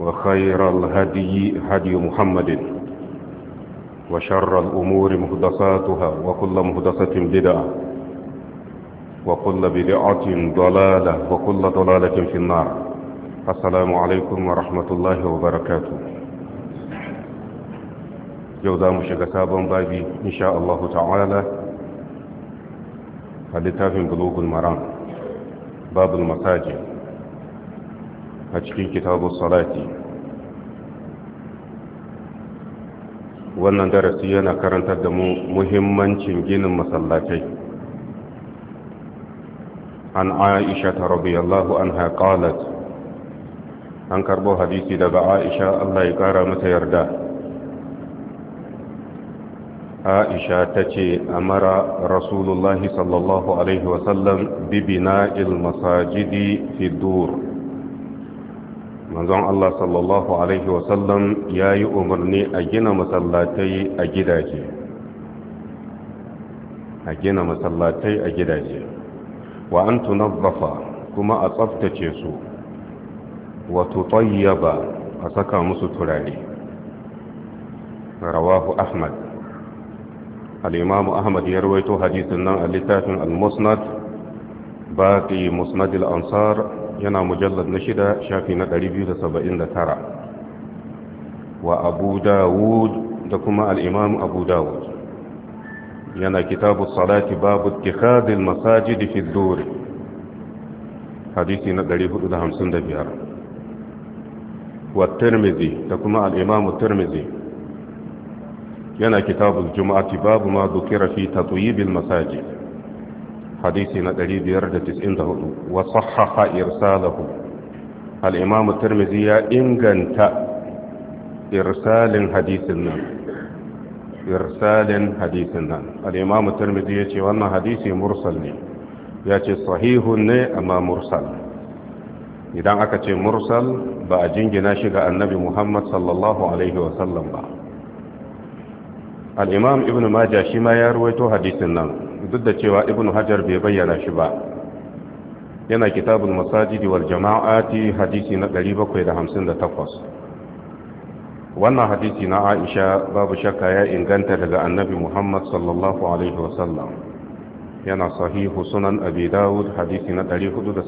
وخير الهدي هدي محمد وشر الأمور مهدساتها وكل مهدسة بدعة وكل بدعة ضلالة وكل ضلالة في النار السلام عليكم ورحمة الله وبركاته جوزا مشكسابا بابي إن شاء الله تعالى فلتافن بلوغ المرام باب المساجد a cikin kitabun salati wannan darasi yana karantar da mu muhimmancin ginin masallatai an aisha ta rabiyallahu an haƙalat an karbo hadisi daga aisha allah ya ƙara mata yarda aisha ta ce amara rasulullahi sallallahu alaihi wasallam bibina il masajidi fi dur manzon Allah sallallahu alaihi wasallam ya yi umarni a gina masallatai a gidaje a gina masallatai a gidaje wa an tunabbafa kuma a tsaftace su wato tayyaba a saka musu turare rawahu ahmad al-imamu ahmad ya rawaito hadisin nan a littafin al-musnad baqi musnad al-ansar yana mujallar na shida shafi na 279 wa abu dawud da kuma al'imam abu dawud yana kitabu salati babu tikhadil masajidi fi dore hadisi na 455 wa tirmizi da kuma al'imam tirmizi yana kitabu juma'ati babu ma dukira fi tatuyibil masajidi hadisi na 594 wa sahaha irsalahu al-imam tirmidhi ya inganta irsalin hadisin nan irsalin hadisin nan ya ce wannan hadisi mursal ne ya ce sahihun ne amma mursal idan aka ce mursal ba a jingina shi ga annabi muhammad sallallahu alaihi wasallam ba al ibn majah ya ruwaito hadisin nan duk da cewa ibn hajar bai bayyana shi ba yana kitabul masajidi wal jama'ati hadisi na 758 wannan hadisi na aisha babu shakka ya inganta daga annabi muhammad sallallahu alaihi wasallam yana sahihu sunan abi dawud hadisi na 479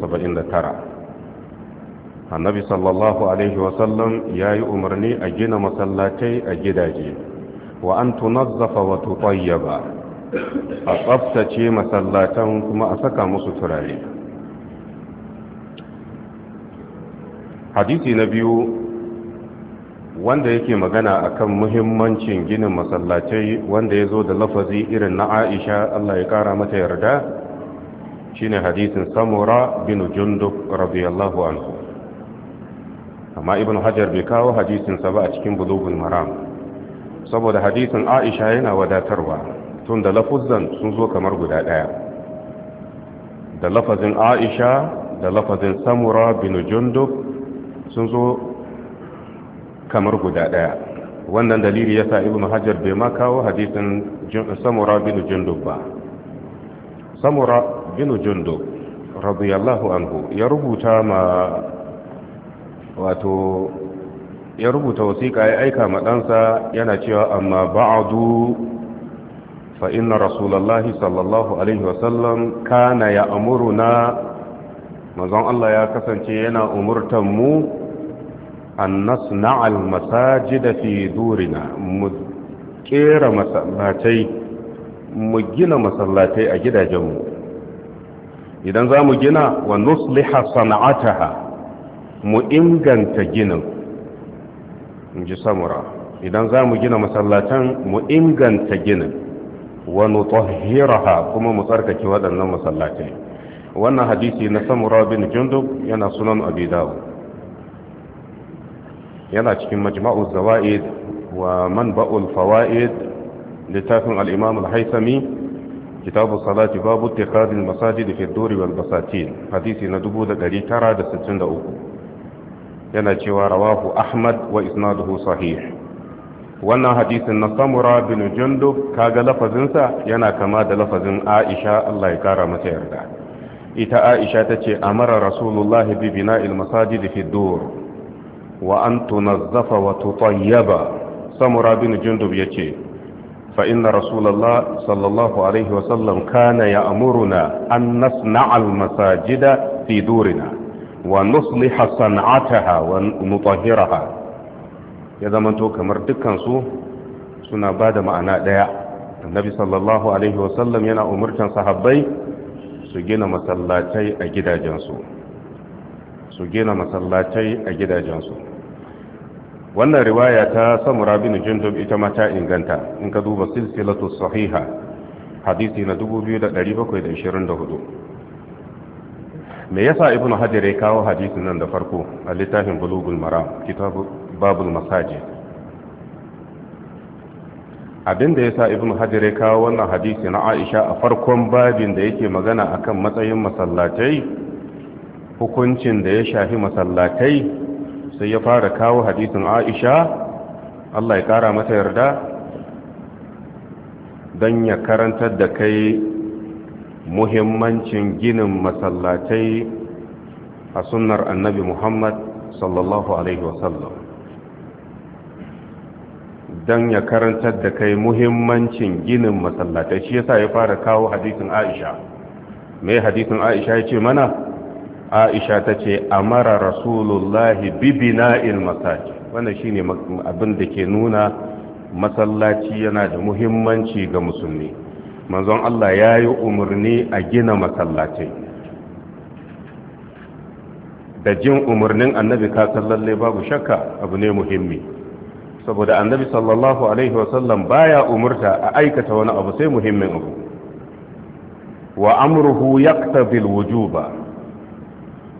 annabi sallallahu alaihi wasallam ya yi umarni a gina masallatai a gidaje wa an tunazzafa wa tutayyaba a tsabtace masallatan kuma a saka musu turare hadisi na biyu wanda yake magana akan muhimmancin ginin masallatai wanda ya zo da lafazi irin na aisha Allah ya kara mata yarda shine hadisin samura bin jundub radiyallahu anhu amma ibn hajar bai kawo hadisinsa ba a cikin bulugun maram saboda hadisin aisha yana wadatarwa tun da lafuzan sun zo kamar guda ɗaya da lafazin aisha da lafazin samura bin jundub sun zo kamar guda ɗaya wannan dalili ya sa ibn hajar bai ma kawo hadisin samura bin jundub ba samura bin jundub radiyallahu anhu ya rubuta ma wato ya rubuta wasiƙa ya aika ma ɗansa yana cewa amma ba'adu فإن رسول الله صلى الله عليه وسلم كان يأمرنا مزان الله يا كسنتينا أمرتمو أن نصنع المساجد في دورنا مكير مسلاتي مجين مسلاتي أجد جمو إذن ذا مجينا ونصلح صنعتها مئنغن تجين نجي سمرا إذن ذا مجين مسلاتان مئنغن تجين wa nutahhiraha kuma mu tsarkake waɗannan masallatai wannan hadisi na samura bin jundub yana sunan abi dawud yana cikin majma'u zawaid wa manba'ul fawaid littafin al-imam al-haythami kitabu salati babu ittikhadhi al-masajid fi ad-duri wal basatin hadisi na 1963 yana cewa rawahu ahmad wa isnaduhu sahih wannan hadisin na samura bin jundub kaga lafazinsa yana kama da lafazin aisha Allah ya kara mata yarda ita aisha tace amara rasulullah bi bina'il masajid fi dur wa an tunazzafa wa tutayyaba samura bin jundub yace fa inna rasulullah sallallahu alaihi wa sallam kana ya'muruna an nasna'a al masajida fidurina." wa nusliha san'ataha wa nutahhiraha ya zamanto kamar dukkansu suna ba da ma'ana ɗaya annabi sallallahu alaihi wasallam yana umurtan sahabbai su gina masallatai a gidajensu su gina masallatai a gidajensu wannan riwaya ta samura bin jundub ita ma ta inganta in ka duba silsilatu sahiha hadisi na 2724 me yasa ibnu hajar ya kawo hadisin nan da farko a littafin bulugul maram kitabu babul masajid abin da ya sa ibn hajar ya kawo wannan hadisi na aisha a farkon babin da yake magana akan matsayin masallatai hukuncin da ya shafi masallatai sai ya fara kawo hadisin aisha allah ya kara mata yarda don ya karantar da kai muhimmancin ginin masallatai a sunnar annabi muhammad sallallahu alaihi wasallam don ya karantar da kai muhimmancin ginin masallatai shi yasa ya fara kawo hadisin aisha mai hadisin aisha ya ce mana aisha ta ce amara rasulullahi bibina'il masaji wannan shine abin da ke nuna masallaci yana da muhimmanci ga musulmi manzon Allah ya yi umarni a gina masallatai da jin umarnin annabi kasan lallai babu shakka abu ne muhimmi saboda annabi sallallahu alaihi wasallam baya umurta a aikata wani abu sai muhimmin abu wa amruhu yaqtadi wujuba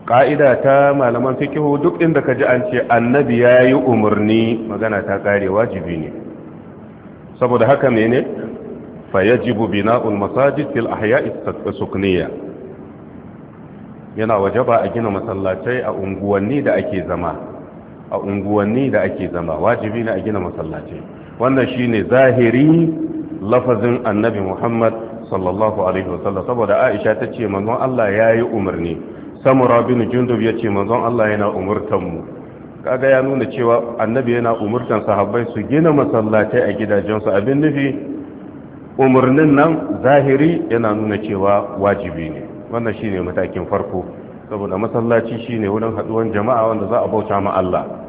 ka'ida ta malaman fikihu duk inda ka ji an ce annabi ya yi umarni magana ta kare wajibi ne saboda haka mene fayajibu bina'ul masajid fil ahya'i sukniya yana wajaba a gina masallatai a unguwanni da ake zama a unguwanni da ake zama wajibi ne a gina masallaci wannan shine zahiri lafazin annabi muhammad sallallahu alaihi wasallam saboda aisha ta ce manzon allah ya yi umarni samura bin jundub ya ce manzon allah yana umurtan mu kaga ya nuna cewa annabi yana umurtan sahabbai su gina masallatai a gidajensu abin nufi umarnin nan zahiri yana nuna cewa wajibi ne wannan shine matakin farko saboda masallaci shine wurin haduwan jama'a wanda za a bauta ma Allah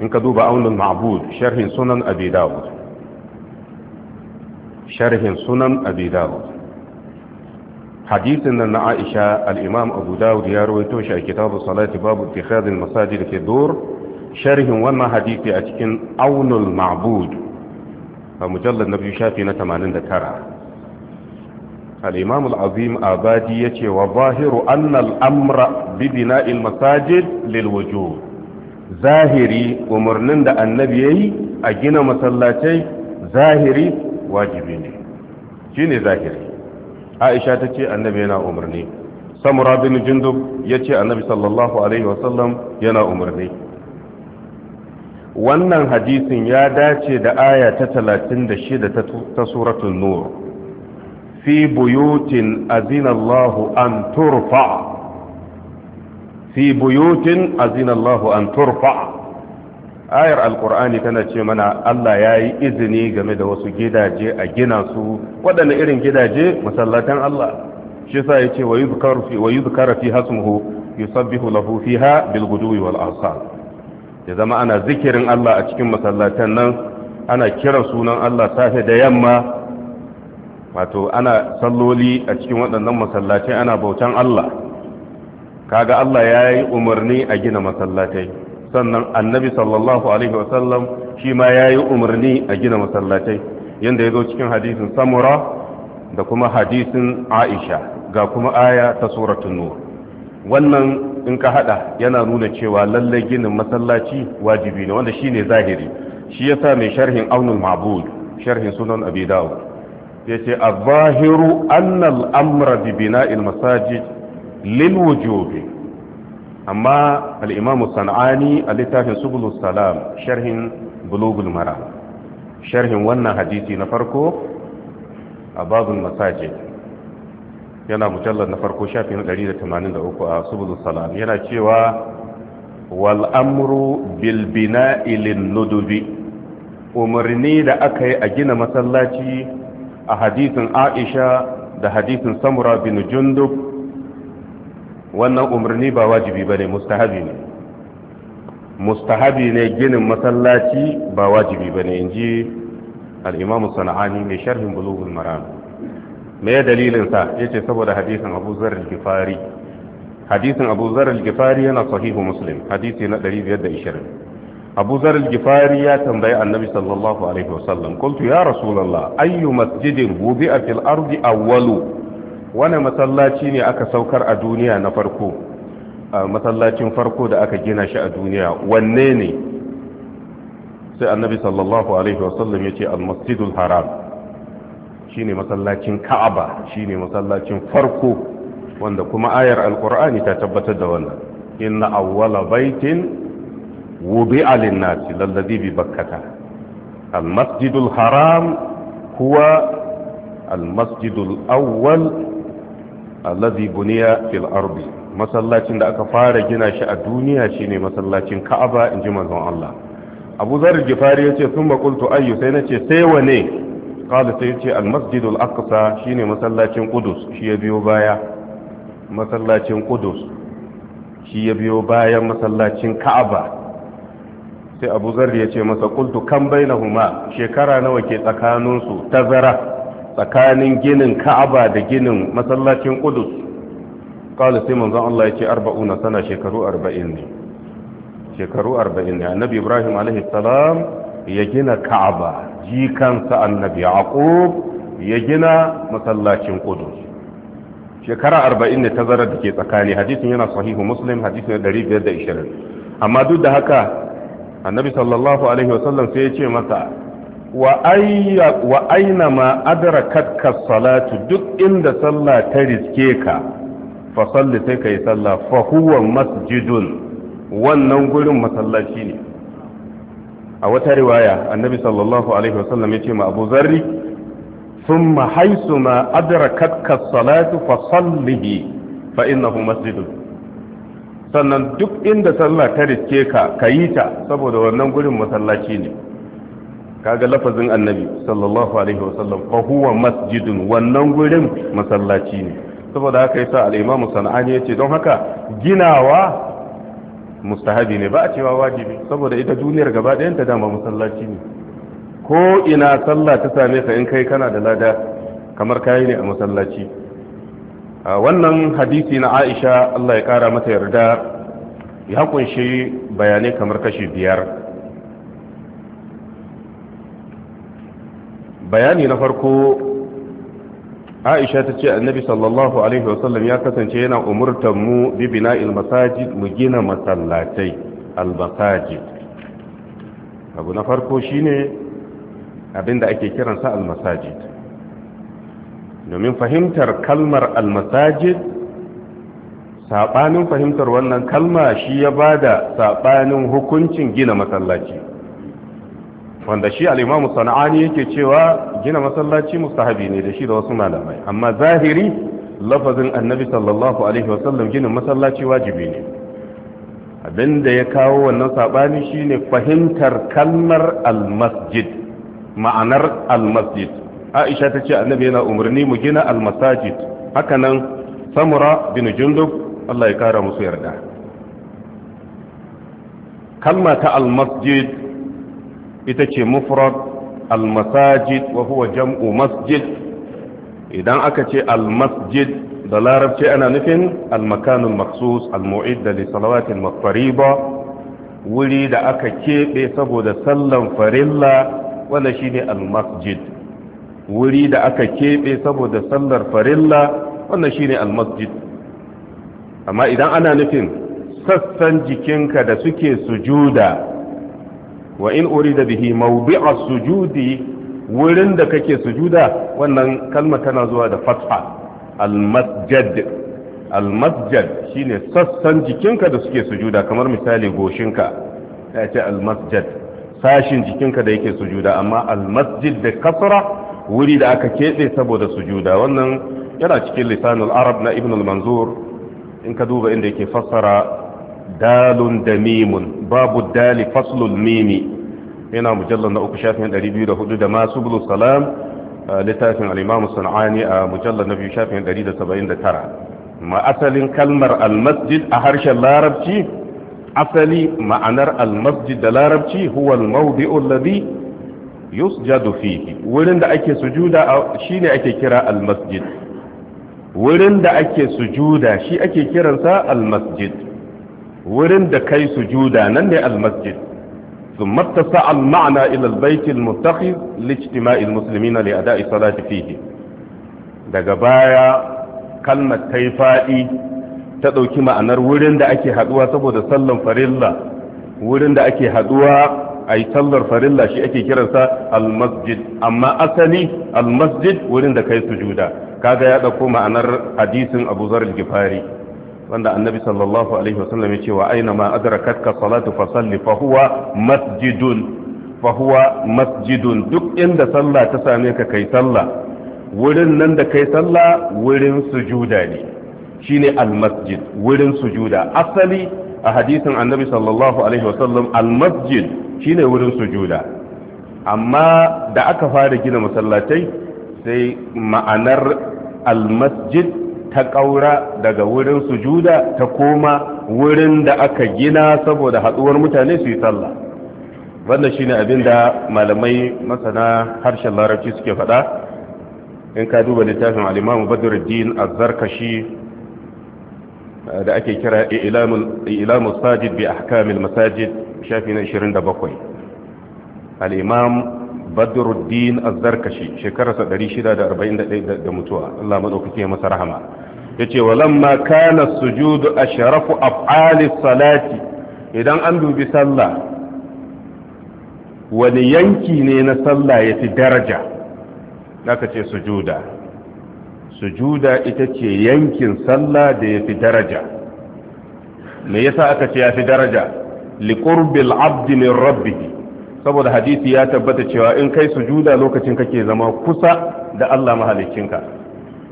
in ka duba aunin ma'bud sharhin sunan abi dawud sharhin sunan abi dawud hadisin nan na aisha alimam abu dawud ya rawaito shi a kitabu salati babu ittikhadh masajid fi dur sharhin wannan hadisi a cikin aunul ma'bud a mujallar na biyu shafi na 89 ya ce wa bahiru وظاهر amra الأمر masajid lil للوجود zahiri umarnin da annabi ya yi a gina masallacai zahiri wajibi ne shi ne zahiri aisha ta ce annabi yana umarni samura bin jindub ya ce annabi sallallahu alaihi wasallam yana umarni wannan hadisin ya dace da aya ta 36 ta suratun nur fi buyutin azinallahu an turfa fi buyutin azinallahu an turfa ayar alkur'ani tana ce mana Allah ya yi izini game da wasu gidaje a gina su waɗanda irin gidaje masallatan Allah shi ya ce wa yi zukara fi hasmuhu yusabbihu lahu fiha bil guduwi wal asal ya zama ana zikirin Allah a cikin masallatan nan ana kira sunan Allah safe da yamma wato ana salloli a cikin waɗannan masallatai ana bautan Allah kaga Allah ya yi umarni a gina masallatai sannan annabi sallallahu alaihi wasallam shi ma ya yi umarni a gina masallatai yadda ya zo cikin hadisin samura da kuma hadisin aisha ga kuma aya ta suratun nur wannan in ka hada yana nuna cewa lallai ginin masallaci wajibi ne wanda shine zahiri shi yasa mai sharhin aunul mabud sharhin sunan abi dawud yace az-zahiru anna amra bi bina'il masajid lil wujubi amma al-imam sanani a littafin subulus salam sharhin bulugul mara sharhin wannan hadisi na farko a babul masajid yana mujallar na farko shafin 183 a subulus yana cewa wal umarni da aka yi a gina masallaci a hadisin aisha da hadisin samura bin jundub wannan umarni ba wajibi ba ne mustahabi ne mustahabi ne ginin masallaci ba wajibi ba ne in ji al'imamu sana'ani mai sharhin bulughul maram me dalilinsa ya ce saboda hadisin abu zarar gifari hadisin abu zarar gifari yana sahihu muslim hadisi na 520 abu zar gifari ya tambayi annabi sallallahu alaihi wasallam kultu ya rasulallah ayyu masjidin gobe a filardi awwalu wani masallaci ne aka saukar a duniya na farko masallacin farko da aka gina shi a duniya wanne ne sai annabi sallallahu alaihi wasallam ya ce almasjidul haram ne masallacin ka'aba shine masallacin farko wanda kuma ayar alkur'ani ta tabbatar da wannan inna awwala baitin wubi'a lin-nasi lalladhi bi bakkata almasjidul haram huwa almasjidul awwal allazi buniya fil ardi masallacin da aka fara gina shi a duniya shine masallacin ka'aba inji manzon Allah abu zar gifari ya ce sun makultu ayyu sai na ce sai wane kada sai ce al-masjid al-aqsa shine masallacin kudus shi ya biyo baya masallacin kudus shi ya biyo bayan masallacin ka'aba sai abu zar ya ce masa kultu kan bainahuma shekara nawa ke tsakaninsu tazara tsakanin ginin ka'aba da ginin masallacin ƙudus ƙala sai manzon Allah ya ce arba'una sana shekaru arba'in ne shekaru arba'in ne annabi ibrahim alaihissalam ya gina ka'aba jikansa annabi yaqub ya gina masallacin ƙudus shekara arba'in ne tazarar da ke tsakani hadisin yana sahihu muslim hadisin 520 amma duk da haka annabi sallallahu alaihi wasallam sai ya ce masa wa aina ma adrakatka salatu duk inda sallah ta riske ka fa salli sai ka yi sallah fa huwa masjidun wannan gurin masallaci ne a wata riwaya annabi sallallahu alaihi wasallam ya ce ma Abu Zarri sun mahaisu ma adrakatka salatu fa sallihi fa innahu masjidun sannan duk inda sallah ta riske ka ka yi ta saboda wannan gurin masallaci ne kaga lafazin annabi sallallahu alaihi wasallam fa huwa masjidun wannan gurin masallaci ne saboda haka yasa al-imam sana'ani yace don haka ginawa mustahabi ne ba a cewa wajibi saboda ita duniyar gaba ɗayan ta dama masallaci ne ko ina sallah ta same ka in kai kana da lada kamar kayi ne a masallaci wannan hadisi na Aisha Allah ya kara mata yarda ya kunshi bayanai kamar kashi biyar bayani na farko aisha ta ce annabi sallallahu alaihi wasallam ya kasance yana umurtar mu bi bina'il masajid mu gina masallatai al abu na farko shine abinda ake kiransa al domin fahimtar kalmar al sabanin fahimtar wannan kalma shi ya bada sabanin hukuncin gina masallaci wanda shi al'imamu sana'ani yake cewa gina masallaci mustahabi ne da shi da wasu malamai amma zahiri lafazin annabi sallallahu alaihi wasallam ginin masallaci wajibi ne abinda ya kawo wannan saɓani shine fahimtar kalmar almasjid ma'anar almasjid aisha ta ce annabi yana umarni mu gina almasajid hakanan samura bin jundub allah ya kara musu yarda kalma ta almasjid ita ce mufrad almasajid wa huwa jam'u masjid idan aka ce almasjid da larabci ana nufin almakanul maksus almu'idda li salawatil maqriba wuri da aka keɓe saboda sallan farilla wanda shine almasjid wuri da aka keɓe saboda sallar farilla wannan shine almasjid amma idan ana nufin sassan jikinka da suke sujuda wa in urida bihi mawdi'a sujudi wurin da kake sujuda wannan kalma tana zuwa da fatha al-masjad al shine sassan jikinka da suke sujuda kamar misali goshinka ya ce al sashin jikinka da yake sujuda amma al-masjid da kasra wuri da aka ketse saboda sujuda wannan yana cikin lisanul arab na ibn al-manzur in ka duba inda yake fassara dalun da mimun babu dali faslun mimi yana mujallar na uku 204 da masu bulu littafin al'imamu sana'ani a mujallar na biyu shafin 179 ma asalin kalmar almasjid a harshen larabci asali ma'anar almasjid da larabci huwa almawdi'ul ladhi yusjadu wurin da ake sujuda shine ake kira almasjid wurin da ake sujuda shi ake kiransa almasjid wurin da kai sujuda nan ne almasjid ثم اتسع المعنى إلى البيت المتخذ لاجتماع المسلمين لأداء الصلاة فيه daga baya kalmar ta yi faɗi ta ɗauki ma'anar wurin da ake haɗuwa saboda sallan farilla wurin da ake haɗuwa a yi sallar farilla shi ake kiransa almasjid amma asali almasjid wurin da kai sujuda kaga ya ɗauko ma'anar hadisin abu zarar gifari wanda annabi sallallahu alaihi wasallam ya ce wa aina ma adrakatka salatu fasalli fa huwa masjidun fa huwa masjidun duk inda sallah ta same ka kai sallah wurin nan da kai sallah wurin sujuda ne shine almasjid wurin sujuda asali a hadisin annabi sallallahu alaihi wasallam almasjid shine wurin sujuda amma da aka fara gina masallatai sai ma'anar almasjid ta ƙaura daga wurin sujuda ta koma wurin da aka gina saboda haɗuwar mutane su yi sallah wannan shine abin da malamai masana harshen larabci suke faɗa in ka duba littafin alimamu badruddin azzarkashi eh, da ake kira ilamu sajid bi ahkamil masajid shafi na 27 al'imam badruddin azzarkashi shekararsa 641 da mutuwa Allah maɗaukaki masa rahama yace walamma kana sujudu a sharafu salati idan an dubi sallah wani yanki ne na sallah fi daraja naka ce sujuda sujuda ita ce yankin sallah da fi daraja me yasa aka ce yafi daraja liƙurbil abdi min rabbih saboda hadisi ya tabbata cewa in kai sujuda lokacin kake zama kusa da Allah mahalicinka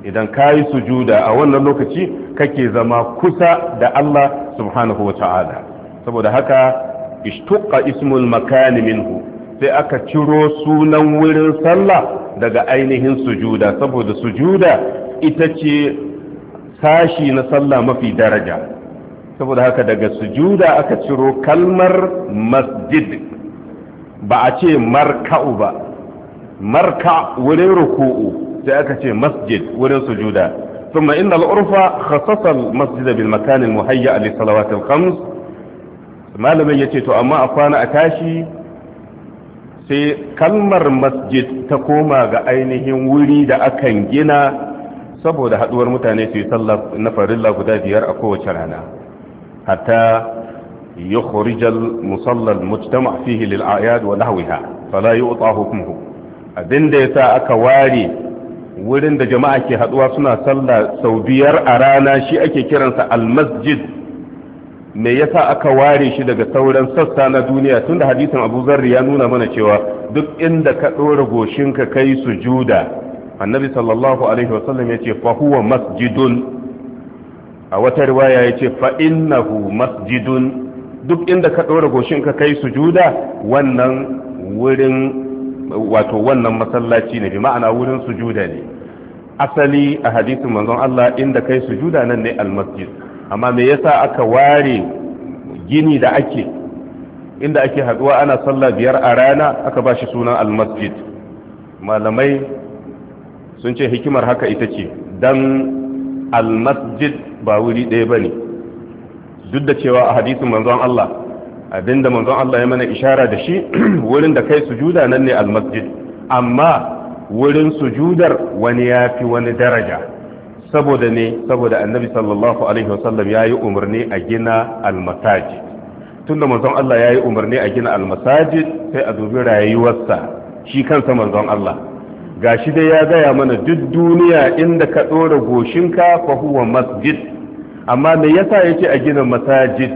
idan ka yi sujuda a wannan lokaci kake zama kusa da Allah subhanahu wa ta'ala saboda haka ishtuqa ismul makani minhu sai aka ciro sunan wurin sallah daga ainihin sujuda saboda sujuda ita ce sashi na sallah mafi daraja saboda haka daga sujuda aka ciro kalmar masjid ba a ce marka'u ba marka wurin ruku'u sai aka ce masjid wurin sujuda thumma inna al-urfa khassasa al-masjid bil makan al-muhayya li salawat al-khams malamin to amma a kwana a tashi sai kalmar masjid ta koma ga ainihin wuri da akan gina saboda haɗuwar mutane suyi yi na farilla guda biyar a kowace rana hatta يخرج المصلى المجتمع فيه للأعياد ونحوها فلا يؤطى حكمه أذن ديسا أكواري wurin da jama'a ke haduwa suna sallah sau biyar a rana shi ake kiransa almasjid me yasa aka ware shi daga sauran sassa na duniya tunda hadisin Abu Zarri ya nuna mana cewa duk inda ka dora goshinka kai sujuda annabi sallallahu alaihi wasallam yace fa huwa masjidun a wata riwaya yace fa innahu masjidun duk inda ka dora goshinka kai sujuda wannan wurin wato wannan masallaci ne bi ma'ana wurin sujuda ne asali a hadisin manzon Allah inda kai sujuda nan ne almasjid amma me yasa aka ware gini da ake inda ake haduwa ana sallah biyar a rana aka ba shi sunan almasjid malamai sun ce hikimar haka ita ce dan almasjid ba wuri ɗaya ba ne duk da cewa a hadisin manzon Allah abinda manzon Allah ya mana ishara da shi wurin da kai sujuda nan ne almasjid amma wurin sujudar wani ya fi wani daraja saboda ne saboda annabi sallallahu alaihi wasallam ya yi umarni a gina almasajid tunda manzon Allah ya yi umarni a gina almasajid sai a dubi rayuwarsa shi kansa manzon Allah gashi dai ya gaya mana duk duniya inda ka ɗora goshinka fa huwa masjid amma me yasa yake a gina masajid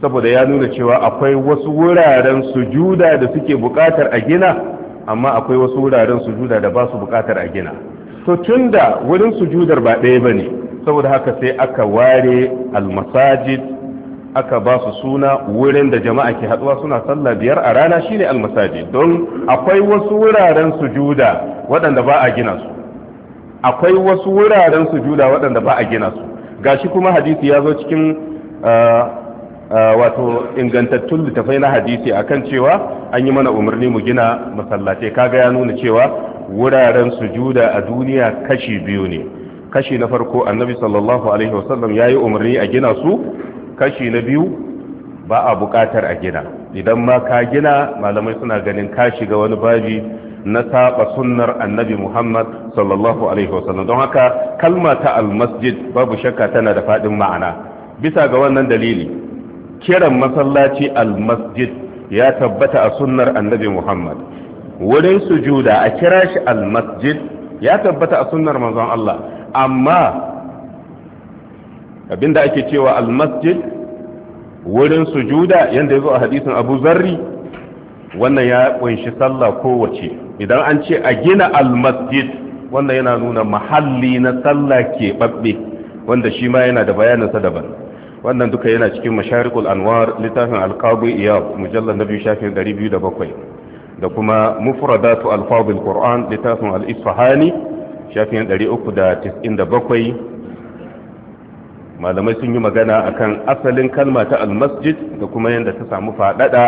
saboda ya nuna cewa akwai wasu wuraren sujuda da suke buƙatar a gina amma akwai wasu wuraren sujuda da ba su bukatar a gina to tun da wurin sujudar ba ɗaya ba ne saboda haka sai aka ware almasajid aka ba su suna wurin da jama'a ke haɗuwa suna sallah biyar a rana shine almasajid don akwai wasu wuraren sujuda waɗanda ba a gina su akwai wasu wuraren sujuda waɗanda ba a gina su gashi kuma hadisi ya zo cikin uh, wato ingantattun littafai na hadisi akan cewa an yi mana umarni mu gina masallatai kaga ya nuna cewa wuraren sujuda a duniya kashi biyu ne kashi na farko annabi sallallahu alaihi wasallam ya yi umarni a gina su kashi na biyu ba a buƙatar a gina idan ma ka gina malamai suna ganin ka shiga wani babi na saba sunnar annabi muhammad sallallahu alaihi wasallam don haka kalma ta almasjid babu shakka tana da faɗin ma'ana bisa ga wannan dalili kiran masallaci al-masjid ya tabbata a sunnar annabi Muhammad wurin sujuda a kira shi al-masjid ya tabbata a sunnar manzon Allah amma abinda ake cewa al-masjid wurin sujuda yanda yazo a hadisin Abu Zarri wannan ya kunshi sallah kowace idan an ce a gina al-masjid wannan yana nuna mahalli na sallah ke babbe wanda shi ma yana da bayaninsa daban wannan duka yana cikin masharikul anwar littafin iya mujallar na biyu shafin 207 da kuma mufradatu alfabin qur'an littafin al-isfahani shafin 397 malamai sun yi magana akan asalin kalma ta almasjid da kuma yadda ta samu faɗaɗa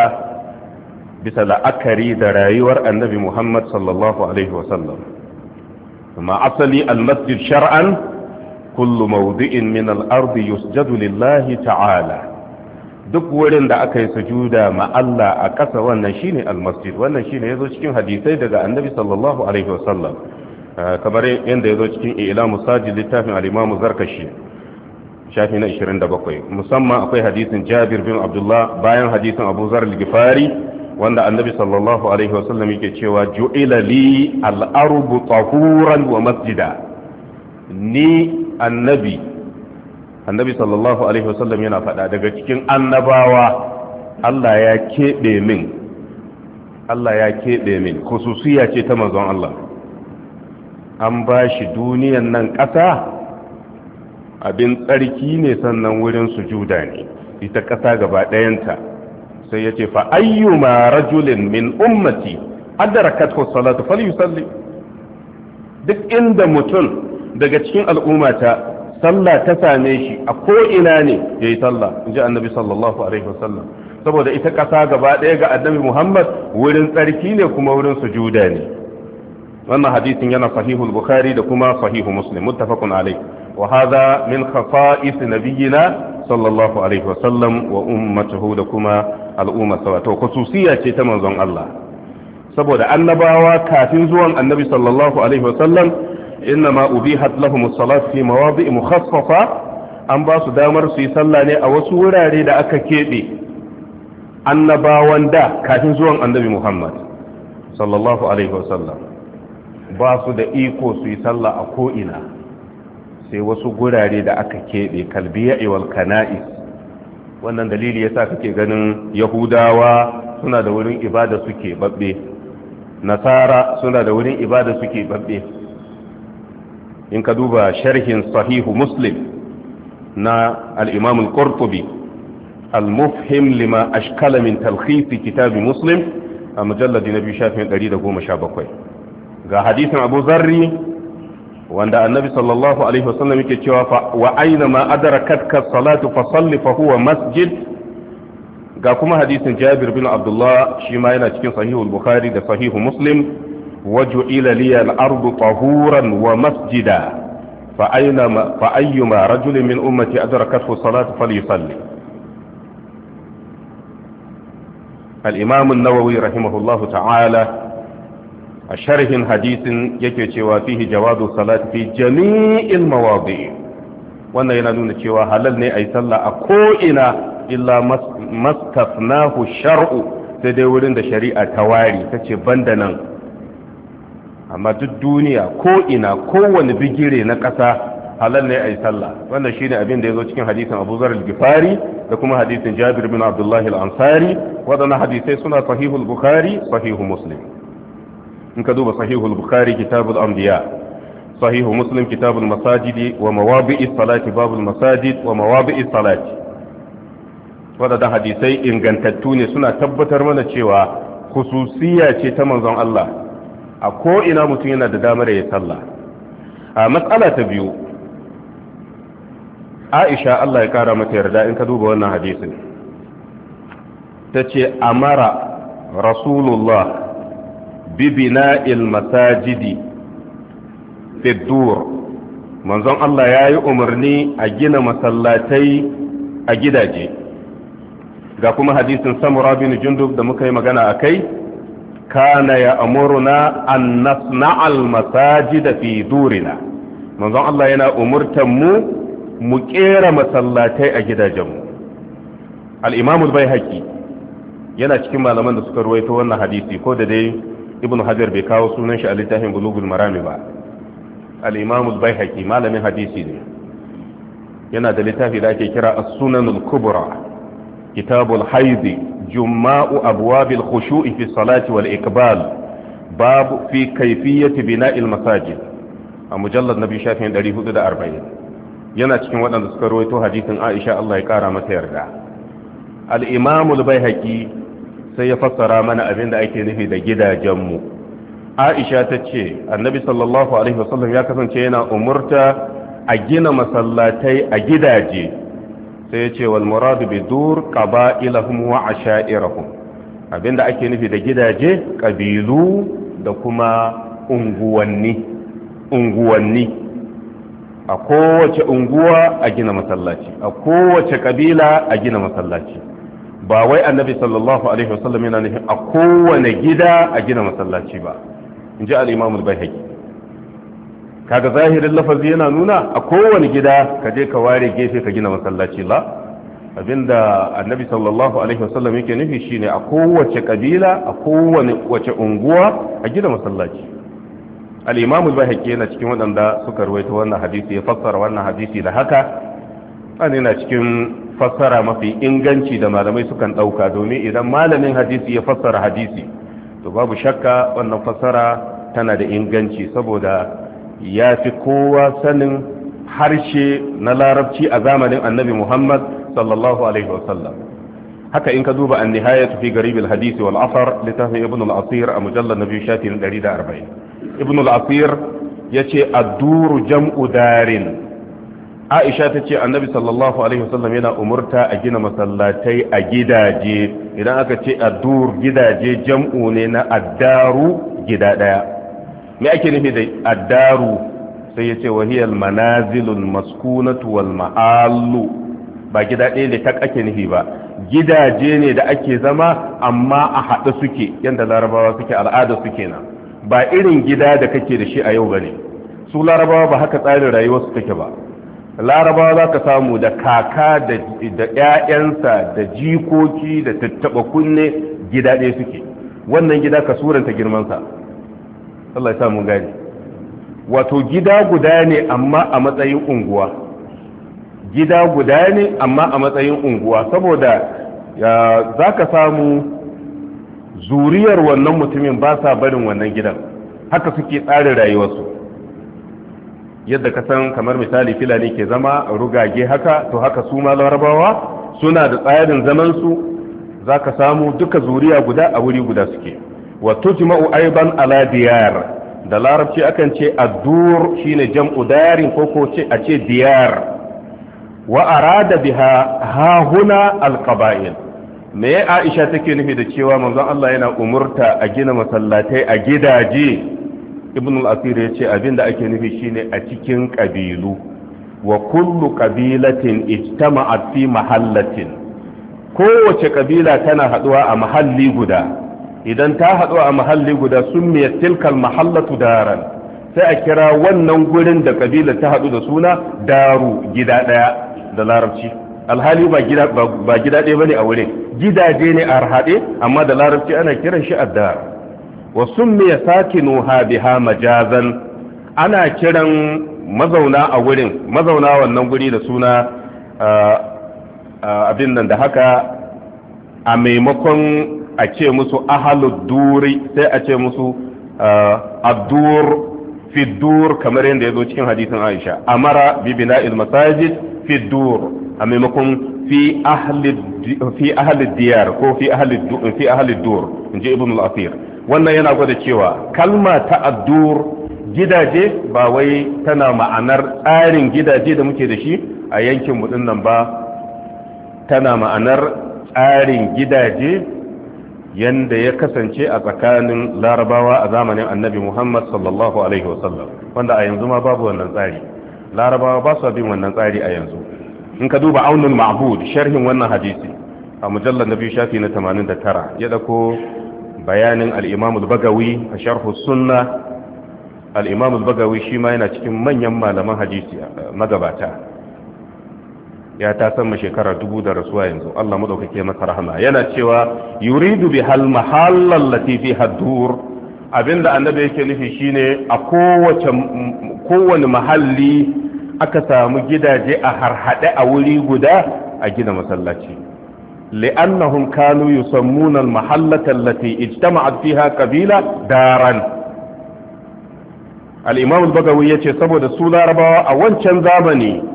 bisa la'akari da rayuwar annabi muhammad sallallahu alaihi wasallam amma asali almasjid shar'an kullu mawdi'in min al-ardi yusjadu lillahi ta'ala duk wurin da aka yi sujuda ma Allah a ƙasa wannan shine al-masjid wannan shine yazo cikin hadisai daga annabi sallallahu alaihi wasallam ah, kamar yanda yazo cikin ilamu sajid littafin al-imam zarkashi shafi na 27 musamman akwai hadisin Jabir bin Abdullah bayan hadisin Abu Zar al-Ghifari wanda annabi sallallahu alaihi wasallam yake cewa ju'ila li al-ardu tahuran wa masjida ni annabi annabi sallallahu alaihi wasallam yana faɗa daga cikin annabawa Allah ya keɓe min Allah ya keɓe min khususiya ce ta manzon Allah an ba shi duniyan nan ƙasa abin tsarki ne sannan wurin sujuda ne ita ƙasa gaba ɗayanta sai ya ce fa ayyuma rajulin min ummati adarakatu salatu yusalli duk inda mutum daga cikin al'ummata sallah ta same shi a ko'ina ne ya yi sallah in ji annabi sallallahu alaihi wasallam saboda ita ƙasa gaba ɗaya ga annabi muhammad wurin tsarki ne kuma wurin sujuda ne wannan hadisin yana sahihul bukhari da kuma sahihu muslim muttafaqun alaihi wa hadha min khasa'is nabiyyina sallallahu alaihi wasallam wa ummatuhu da kuma al'umma sawa to khususiyya ce ta manzon Allah saboda annabawa kafin zuwan annabi sallallahu alaihi wasallam innama ubihat lahum as-salat fi mawadi' mukhaffafa an basu damar suyi sallah ne a wasu wurare da aka kebe annabawan da kafin zuwan annabi Muhammad sallallahu alaihi wasallam ba su da iko su yi sallah a ko'ina sai wasu gurare da aka keɓe kalbiya wal kana'is wannan dalili yasa kake ganin yahudawa suna da wurin ibada suke babbe nasara suna da wurin ibada suke babbe in ka duba sharhin sahihu muslim na al-imam al-qurtubi al-mufhim lima ashkala min talkhis kitab muslim a mujalladi na biyu shafin 117 ga hadisin abu zarri wanda annabi sallallahu alaihi wasallam yake cewa wa aina ma adarakatka salatu fa salli fa huwa masjid ga kuma hadisin jabir bin abdullah shi ma yana cikin sahihu bukhari da sahihu muslim وجعل لي الأرض طهورا ومسجدا فأينما فأيما رجل من أمتي أدركته الصلاة فليصلي الإمام النووي رحمه الله تعالى شرح حديث يكي وفيه جواز الصلاة في جميع المواضيع وانا ينادون cewa halal ne ayi sallah a ko ina illa mastafnahu shar'u sai dai wurin da shari'a ta wari tace banda nan amma duk duniya ko ina kowane bigire na ƙasa halal ne a yi sallah wannan shi ne abin da ya zo cikin hadisin abu al gifari da kuma hadisin jabir bin abdullahi al-ansari waɗannan hadisai suna sahihul bukhari sahihu muslim in ka duba sahihul bukhari kitabul amdiya sahihu muslim kitabul masajidi wa mawabi'is salati babul masajid wa mawabi'is salati waɗannan hadisai ingantattu ne suna tabbatar mana cewa khususiyya ce ta manzon Allah a ko ina mutum yana da damar ya sallah a matsala ta biyu aisha Allah ya kara mata yarda in ka duba wannan hadisin ta ce amara rasulullah bibina ilmasajidi fiddur manzon Allah ya yi umarni a gina masallatai a gidaje ga kuma hadisin samura bin jundub da muka yi magana a kai kana ya amuruna an nasna al masajida fi durina manzon Allah yana umurtan mu mu kera masallatai a gidajen. al-imam al yana cikin malaman da suka ruwaito wannan hadisi ko da dai ibnu hajar bai kawo sunan shi a littafin bulugul marami ba Al'imamul imam al malamin hadisi ne yana da littafi da ake kira as-sunan al-kubra kitabul haizi. jumma'u abwabil khushu'i fi salati wal iqbal babu fi kayfiyati bina'il masajid a mujallad nabi shafin 440 yana cikin waɗanda suka rawaito hadisin Aisha Allah ya kara masa yarda al-Imam al sai ya fassara mana abin da ake nufi da gidajen mu Aisha ta ce annabi sallallahu alaihi wasallam ya kasance yana umurta a gina masallatai a gidaje sai ya ce bidur muradu bi dur qaba'ilahum wa abinda ake nufi da gidaje kabilu da kuma unguwanni unguwanni a kowace unguwa a gina masallaci a kowace kabila a gina masallaci ba wai annabi sallallahu alaihi wasallam yana nufin a kowane gida a gina masallaci ba in ji al bai kaga zahirin lafazi yana nuna a kowane gida ka je ka ware gefe ka gina masallaci la abinda annabi sallallahu alaihi wasallam yake nufi shine a kowace kabila a kowane wace unguwa a gina masallaci al-imamu al-bahaqi yana cikin waɗanda suka rawaito wannan hadisi ya fassara wannan hadisi da haka an yana cikin fassara mafi inganci da malamai sukan ɗauka domin idan malamin hadisi ya fassara hadisi to babu shakka wannan fassara tana da inganci saboda ya fi kowa sanin harshe na larabci a zamanin annabi muhammad sallallahu alaihi wasallam haka in ka duba an nihaya fi garib alhadisi wal asar littafin ibn al-asir a mujallar na biyu shafi na 140 ibn al-asir ya ce adduru jam'u darin aisha ta ce annabi sallallahu alaihi wasallam yana umurta a gina masallatai a gidaje idan aka ce addur gidaje jam'u ne na addaru gida daya me ake nufi da addaru sai ya ce wahiyar manazilun maskunatu wal ma'allu ba gida ɗaya ne ta ake nufi ba gidaje ne da ake zama amma a haɗe suke yadda larabawa suke al'ada suke na ba irin gida da kake da shi a yau bane su larabawa ba haka tsarin rayuwar su take ba larabawa za ka samu da kaka da 'ya'yansa da jikoki da tattaɓa kunne gida ɗaya suke wannan gida ka suranta girmansa Allah ya samu gani wato gida guda ne amma a matsayin unguwa gida guda ne amma a matsayin unguwa saboda za ka samu zuriyar wannan mutumin ba sa barin wannan gidan haka suke tsarin rayuwarsu yadda ka san kamar misali filani ke zama a rugage haka to haka su ma larabawa suna da tsarin zamansu za ka samu duka zuriya guda a wuri guda suke wa tujma'u aiban ala diyar da larabci akan ce addur shine jam'u darin ko ko ce a ce diyar wa arada biha ha huna alqaba'il me Aisha take nufi da cewa manzon Allah yana umurta a gina masallatai a gidaje ibn al-asir yace abinda ake nufi shine a cikin kabilu wa kullu qabilatin ijtama'at fi mahallatin kowace kabila tana haduwa a mahalli guda idan ta haɗu a mahalli guda sun miya tilkal mahallatu daran sai a kira wannan gurin da kabila ta haɗu da suna daru gida ɗaya da larabci alhali ba gida ɗaya bane a wurin gidaje ne a harhaɗe amma da larabci ana kiran shi addar wa summiya ha biha majazan ana kiran mazauna a wurin mazauna wannan guri da suna ah, ah, abin nan da haka a maimakon a ce musu ahalud duri sai a ce musu uh, addur fi dur kamar yadda ya zo cikin hadisin Aisha amara bi bina'il masajid fi dur a maimakon fi ahli diyar ko fi ahli fi ahli dur inji ibn al-asir wannan yana gwada cewa kalma ta addur gidaje ba wai tana ma'anar tsarin gidaje da muke da shi a yankin mu nan ba tana ma'anar tsarin gidaje yanda ya kasance a tsakanin larabawa a zamanin annabi muhammad sallallahu alaihi wasallam wanda a yanzu ma babu wannan tsari larabawa ba su bin wannan tsari a yanzu in ka duba aunin ma'bud sharhin wannan hadisi a mujallar na biyu shafi na 89 ya dako bayanin al'imamu bagawi a sharhu sunna al'imamu bagawi shi ma yana cikin manyan malaman hadisi eh, magabata ya ta sama shekara dubu da rasuwa yanzu Allah madaukake masa rahama yana cewa yuridu bihal mahallal lati fi hadur abinda annabi yake nufi shine a kowace kowane mahalli aka samu gidaje a harhade a wuri guda a gina masallaci li'annahum kanu yusammuna al-mahallata allati ijtama'at fiha qabila daran al-imam al-bagawi yace saboda su larabawa a wancan zamani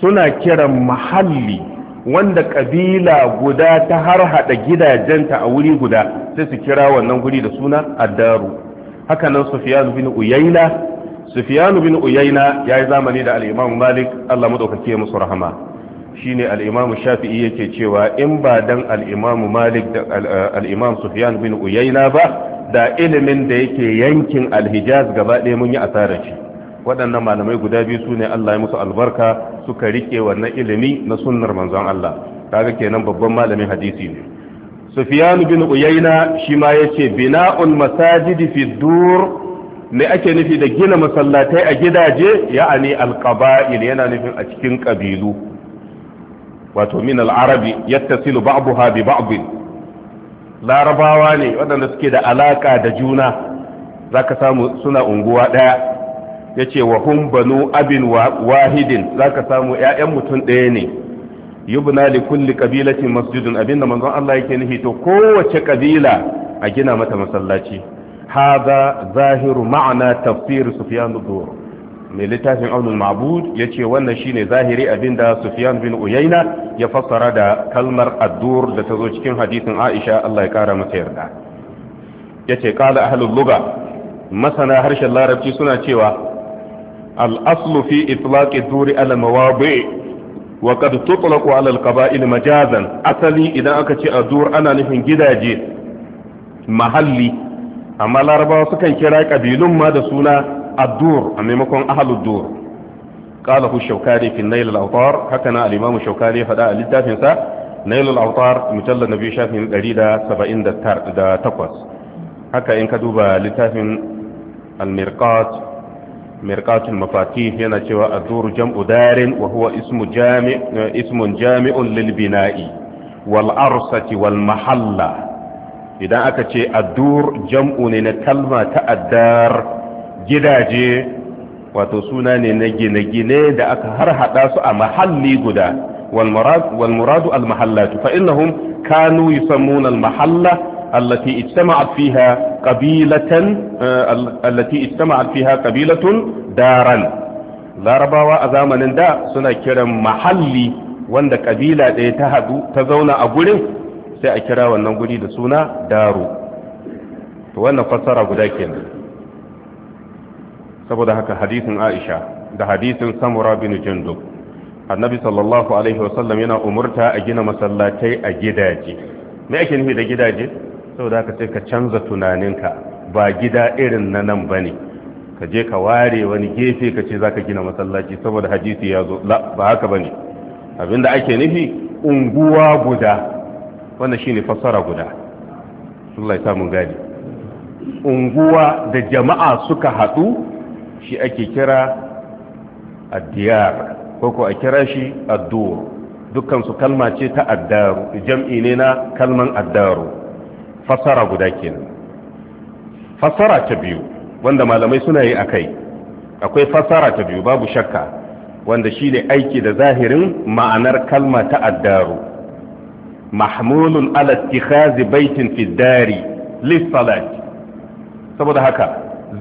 suna kiran mahalli wanda kabila guda ta har hada gidajenta a wuri guda sai su kira wannan guri da suna addaru hakanan sufyan bin uyayna sufyan bin uyayna yayi zamani da al-imam malik Allah madaukake musu rahama shine al-imam shafi'i yake cewa in ba dan al malik da al-imam sufyan bin uyayna ba da ilimin da yake yankin al-hijaz gaba ɗaya mun yi asarar shi waɗannan malamai guda biyu su ne Allah ya musu albarka suka rike wannan ilimi na sunnar manzon Allah kaga kenan babban malamin hadisi ne Sufyan bin Uyayna shi ma yace bina'ul masajidi fi dur me ake nufi da gina masallatai a gidaje ya'ani alqaba'il yana nufin a cikin kabilu wato min al-arabi yattasilu ba'daha bi ba'd larabawa ne waɗanda suke da alaka da juna zaka samu suna unguwa ɗaya yace wa hum banu abin wahidin zaka samu ƴaƴan mutum ɗaya ne yubna li kulli qabilatin masjidun abinda manzon Allah yake nufi to kowace kabila a gina mata masallaci haza zahiru ma'ana tafsir sufyan ad mai littafin aunul ma'bud yace wannan shine zahiri abinda sufyan bin uyaina ya fassara da kalmar ad da ta zo cikin hadisin aisha Allah ya kara mata yarda yace qala ahlul luga masana harshen larabci suna cewa الأصل في إطلاق الدور على المواضع وقد تطلق على القبائل مجازا أصلي إذا أكتش الدور أنا نفن جداجي محلي أما الأربعة سكن كراك أبيلهم ماذا سونا الدور أما مكون أهل الدور قاله الشوكاني في النيل الأوطار حكنا الإمام الشوكاني فداء لتافه نيل الأوطار مجلد نبي شافي الأريدة سبعين دا تقوس هكا إن كدوبا للتافن المرقات mirqatul mafatih yana cewa ad-duru jam'u darin wa ismun jami'un lil bina'i wal arsati wal idan aka ce ad jam'u ne na kalma ta addar gidaje wato suna ne na gine-gine da aka har hada su a mahalli guda walmuradu almahallatu wal muradu al mahallatu fa innahum kanu mahalla التي اجتمعت فيها قبيلة التي larabawa a zamanin da suna kiran mahalli wanda kabila ɗaya ta hadu ta zauna a gurin sai a kira wannan guri da suna daro to wannan fassara guda kenan saboda haka hadisin aisha da hadisin samura bin jundub annabi sallallahu alaihi wasallam yana umurta a gina masallatai a gidaje me ake nufi da gidaje saboda ka ce ka canza tunaninka ba gida irin na nan ba ne ka je ka ware wani gefe ka ce za ka gina masallaci saboda hadisi ya zo ba haka ba ne abinda ake nufi unguwa guda wanda shi ne fassara guda Allah ya samu gadi unguwa da jama'a suka haɗu shi ake kira addiyar ko a kira shi addu'o, dukkan su kalma ce ta addaru jam'i ne na kalman addaru fassara guda kenan fassara ta biyu wanda malamai suna yi akai akwai fassara ta biyu babu shakka wanda shi ne aiki da zahirin ma'anar kalma ta addaru mahmulun ala tikhazi baitin fi dari lissalati saboda haka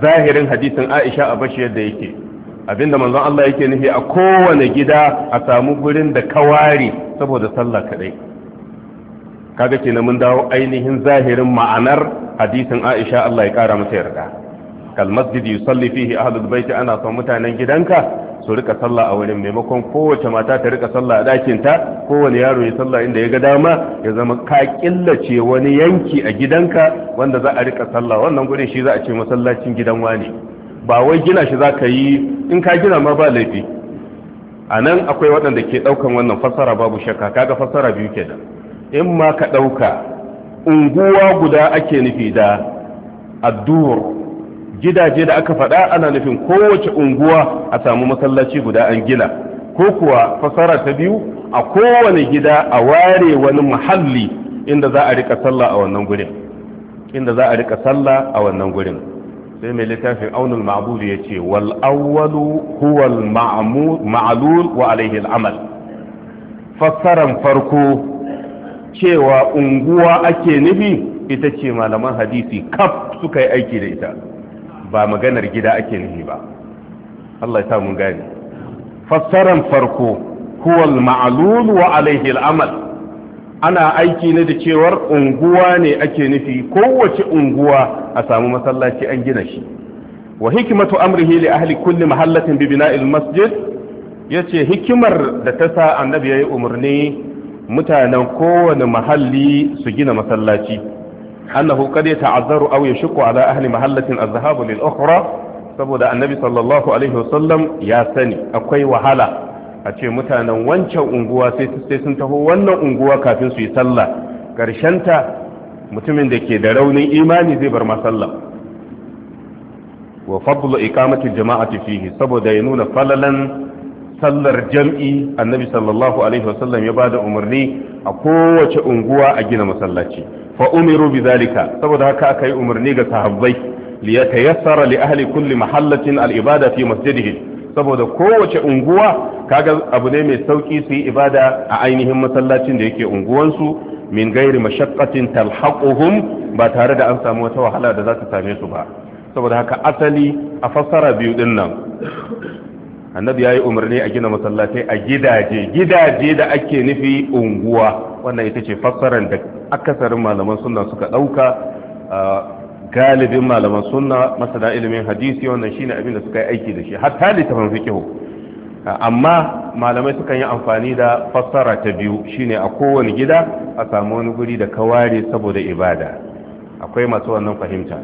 zahirin hadisin aisha a bashi yadda yake abinda manzon Allah yake nufi a kowane gida a samu gurin da kawari saboda sallah kadai kaga kenan mun dawo ainihin zahirin ma'anar hadisin Aisha Allah ya kara masa yarda kal masjid yusalli fihi ahlul bait ana son mutanen gidanka su rika sallah a wurin maimakon kowace mata ta rika sallah a dakin ta kowane yaro ya sallah inda ya ga dama ya zama ka killace wani yanki a gidanka wanda za a rika sallah wannan gurin shi za a ce masallacin gidan wani ba wai gina shi za ka yi in ka gina ma ba laifi a nan akwai waɗanda ke ɗaukan wannan fassara babu shakka kaga fassara biyu kenan in ma ka ɗauka unguwa guda ake nufi da addu'ur gidaje da aka faɗa ana nufin kowace unguwa a samu masallaci guda an gina ko kuwa fasara ta biyu a kowane gida a ware wani muhalli inda za a rika sallah a wannan gurin inda za a rika sallah a wannan gurin sai mai littafin aunul ma'bud ya ce wal awwalu huwa al ma'lul wa alayhi al amal fassaran farko cewa unguwa ake nufi ita ce malaman hadisi kaf suka yi aiki da ita ba maganar gida ake nufi ba Allah ya mun gane fassaran farko huwal ma'lul wa alaihi al'amal ana aiki ne da cewar unguwa ne ake nufi kowace unguwa a samu masallaci an gina shi wa hikmatu amrihi li ahli kulli mahallatin bi bina'il masjid yace hikimar da ta sa annabi yayi umarni mutanen kowane mahalli su gina masallaci annahu qad ta'azzaru aw yashqu ala ahli mahallatin az-zahab lil ukhra saboda annabi sallallahu alaihi wasallam ya sani akwai wahala a ce mutanen wancan unguwa sai sun taho wannan unguwa kafin su yi sallah ta mutumin da ke da raunin imani zai bar masallah wa fadlu iqamati jama'ati fihi saboda ya nuna falalan sallar jam'i annabi sallallahu alaihi wasallam ya bada umarni a kowace unguwa a gina masallaci fa umiru zalika saboda haka aka yi umarni ga sahabbai li yatayassara li ahli kulli mahallatin al ibada fi masjidihi saboda kowace unguwa kaga abu ne mai sauki su yi ibada a ainihin masallacin da yake unguwansu min gairi mashaqqatin talhaquhum ba tare da an samu wata wahala da za ta same su ba saboda haka asali a fassara biyu din nan annabi ya yi umarni a gina masallatai a gidaje gidaje da ake nufi unguwa wannan ita ce fassarar da akasarin malaman sunna suka ɗauka galibin malaman sunna masana ilimin hadisi wannan shine abin da suka yi aiki da shi hatta littafin fiqh amma malamai suka yi amfani da fassara ta biyu shine a kowane gida a samu wani guri da kaware saboda ibada akwai masu wannan fahimta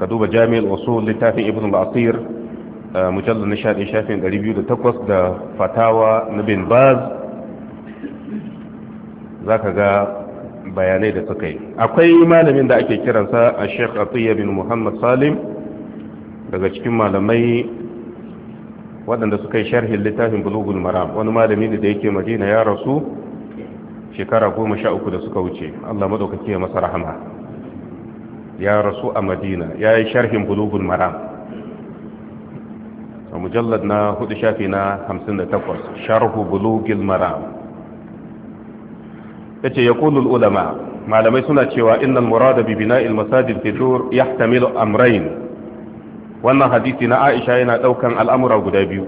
ka duba jami'ul usul littafin ibnu basir mujallar na shaɗin shafin 208 da fatawa na bin baz za ka ga bayanai da suka yi akwai malamin da ake kiransa a sheikh atiyya bin muhammad salim daga cikin malamai waɗanda suka yi sharhin littafin bulugun maram wani malami da yake madina ya rasu shekara goma sha uku da suka wuce allah maɗaukaki ya masa rahama ya rasu a madina ya yi sharhin bulugun maram a mujallar na hudu shafi na 58 sharhu bulugil maram ya ce ya kulul ulama malamai suna cewa innal murada bibina bina'il masajid fi dur amrain wannan hadisi na Aisha yana daukan al'amura guda biyu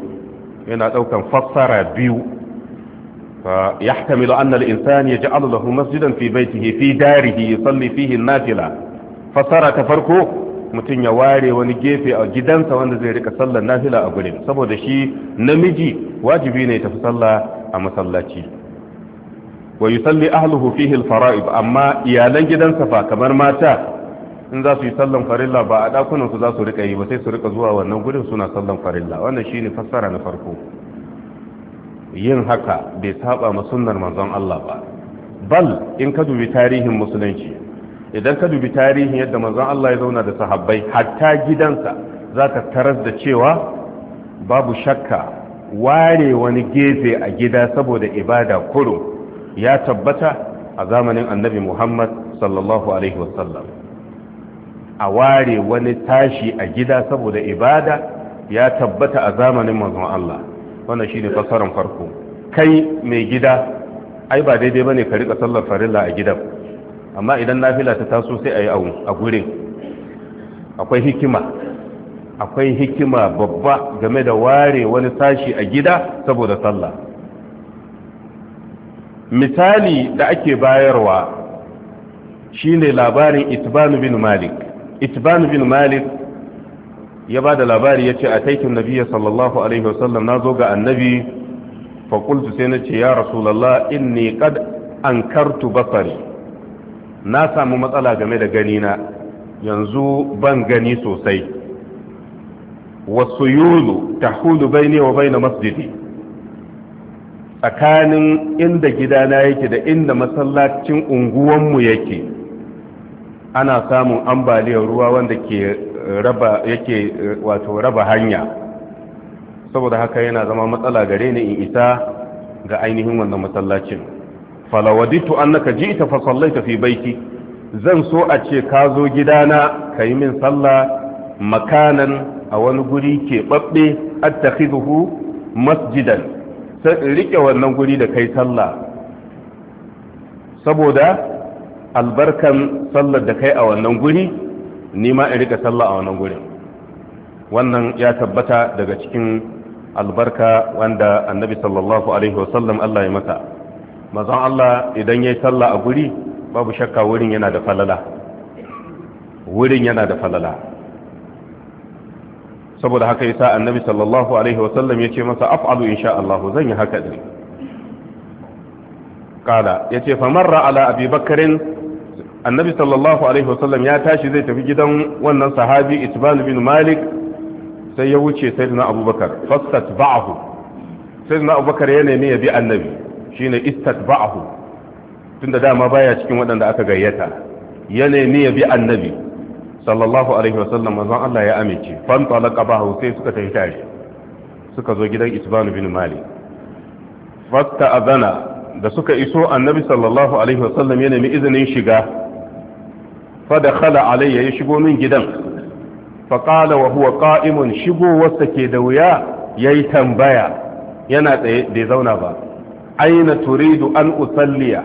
yana daukan fassara biyu fa yahtamilu anna al-insan yaj'alu lahu masjidan fi baytihi fi darihi yusalli fihi an-nafila fassara ta farko mutum ya ware wani gefe a gidansa wanda zai rika sallar nafila a gurin saboda shi namiji wajibi ne tafi sallah a masallaci wa yusalli ahluhu fihi al amma iyalan gidansa ba kamar mata in za su yi sallan farilla ba a dakunan su za su rika yi ba sai su rika zuwa wannan gurin suna sallan farilla wannan shine fassara na farko yin haka bai saba ma sunnar manzon Allah ba bal in ka dubi tarihin musulunci idan ka dubi tarihin yadda manzon Allah ya zauna da sahabbai hatta gidansa za ka taras da cewa babu shakka ware wani gefe a gida saboda ibada kurum ya tabbata a zamanin annabi Muhammad sallallahu alaihi wasallam a ware wani tashi a gida saboda ibada ya tabbata a zamanin manzon Allah wannan shine fasaran farko kai mai gida ai ba daidai ba ne ka rika sallar farilla a gidan amma idan nafila ta taso sai a yi a gurin akwai hikima akwai hikima babba game da ware wani sashi a gida saboda sallah misali da ake bayarwa shine labarin itbanu bin malik itbanu bin malik ya ba da labari ya ce a taikin nabiya sallallahu alaihi wasallam na zo ga annabi faƙultu sai na ce ya rasulallah inni qad ankartu basari na samu matsala game da gani na yanzu ban gani sosai wasu yulu ta hudu bai wa bai na masjidi tsakanin inda gidana yake da inda masallacin unguwanmu yake ana samun ambaliyar ruwa wanda ke raba yake wato raba hanya saboda haka yana zama matsala gare ni in isa ga ainihin wannan masallacin falawaditu annaka ji'ta fa sallaita fi baiti zan so a ce ka zo gidana ka yi min sallah makanan a wani guri ke babbe attakhidhu masjidan sai in rike wannan guri da kai sallah saboda albarkan sallar da kai a wannan guri ni ma in rika sallah a wannan gurin wannan ya tabbata daga cikin albarka wanda annabi sallallahu alaihi wasallam Allah ya masa mazan Allah idan ya yi sallah a guri babu shakka wurin yana da falala wurin yana da falala saboda haka yasa annabi sallallahu alaihi wasallam ya ce masa af'alu insha Allah zan yi haka din kada ya ce fa marra ala abi bakarin annabi sallallahu alaihi wasallam ya tashi zai tafi gidan wannan sahabi itban bin malik sai ya wuce sayyidina abubakar fastat ba'ahu sayyidina abubakar ya nemi ya bi annabi shine istatba'ahu tunda dama baya cikin waɗanda aka gayyata ya nemi ya bi annabi sallallahu alaihi wasallam manzon Allah ya amince fan talaqa bahu sai suka tafi tare suka zo gidan Isban bin Mali fatta azana da suka iso annabi sallallahu alaihi wasallam ya nemi izinin shiga fa dakhala alayya ya shigo min gidan qala wa huwa shigo wasa ke da wuya ya yi tambaya yana tsaye da zauna ba aina turidu an usalliya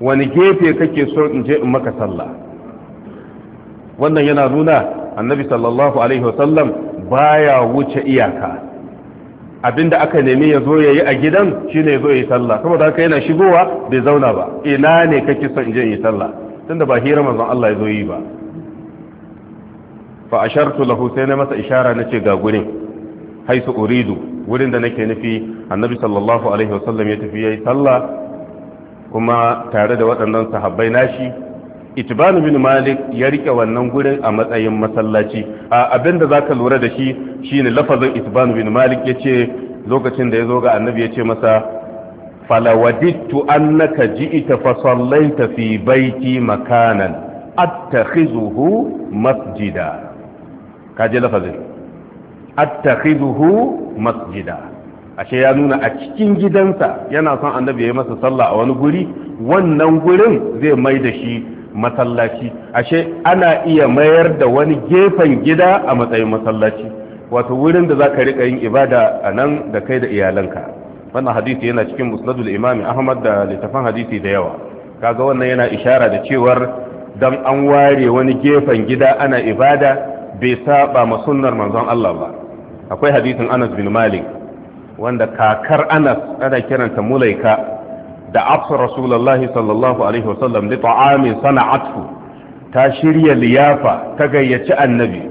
wani gefe kake so in je in maka sallah wannan yana nuna annabi sallallahu alaihi wasallam baya wuce iyaka abinda aka nemi ya zo ya yi a gidan shine ya zo ya yi sallah saboda haka yana shigowa bai zauna ba ina ne kake so in je in yi sallah tunda ba hira manzon Allah ya zo yi ba fa ashartu lahu sai na masa ishara nace ga gurin haisu uridu wurin da nake nufi annabi sallallahu alaihi wasallam ya tafi yayi sallah kuma tare da waɗannan sahabbai nashi itban bin malik ya rike wannan gurin a matsayin masallaci abin da zaka lura da shi shine lafazin itban bin malik yace lokacin da ya zo ga annabi yace masa falawadittu annaka ji'ita fa sallaita fi baiti makanan attakhizuhu masjida kaje lafazin attakhidhuhu masjida ashe ya nuna a cikin gidansa yana son annabi ya masa sallah a wani guri wannan gurin zai mai da shi masallaci ashe ana iya mayar da wani gefen gida a matsayin masallaci wato wurin da zaka rika yin ibada a nan da kai da iyalanka wannan hadisi yana cikin musnadul imami ahmad da littafan hadisi da yawa kaga wannan yana ishara da cewar dan an ware wani gefen gida ana ibada bai saba ma sunnar manzon Allah ba akwai hadisin anas bin malik wanda kakar anas ana kiranta mulaika da afsar rasulullahi sallallahu alaihi wasallam da ta'amin sana'atu ta shirya liyafa ta gayyaci annabi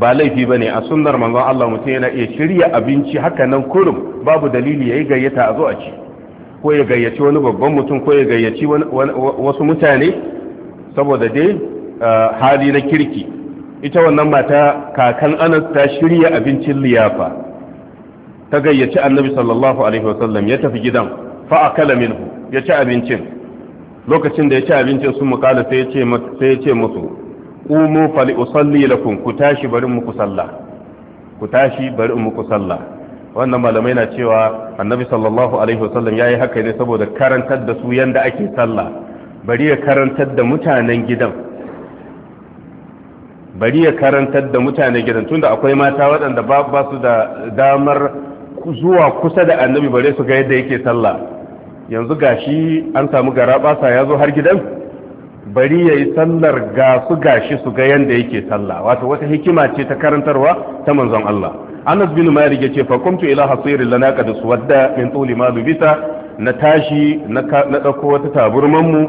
ba laifi bane a sunnar manzon Allah mutum yana iya shirya abinci haka nan kurum babu dalili yayi gayyata a zo a ci ko ya gayyaci wani babban mutum ko ya gayyaci wasu mutane saboda dai eh, hali na kirki ita wannan mata kakan anas ta shirya abincin liyafa ta gayyaci annabi sallallahu alaihi wasallam ya tafi gidan fa akala minhu ya ci abincin lokacin da ya ci abincin sun mukala sai ya ce sai ya ce musu qumu fali usalli lakum ku tashi bari muku sallah ku tashi bari muku sallah wannan malamai na cewa annabi sallallahu alaihi wasallam yayi haka ne saboda karantar da su yanda ake sallah bari ya karantar da mutanen gidan bari ya karantar da mutane gidan tunda akwai mata waɗanda ba su da damar zuwa kusa da annabi bare su ga yadda yake sallah yanzu gashi an samu gara basa ya zo har gidan bari ya yi sallar ga su gashi su ga yadda yake sallah wato wata hikima ce ta karantarwa ta manzon Allah Anas bin Malik yace fa kuntu ila hasirin lana qad suwadda min tuli ma bisa na tashi na dauko wata taburman mu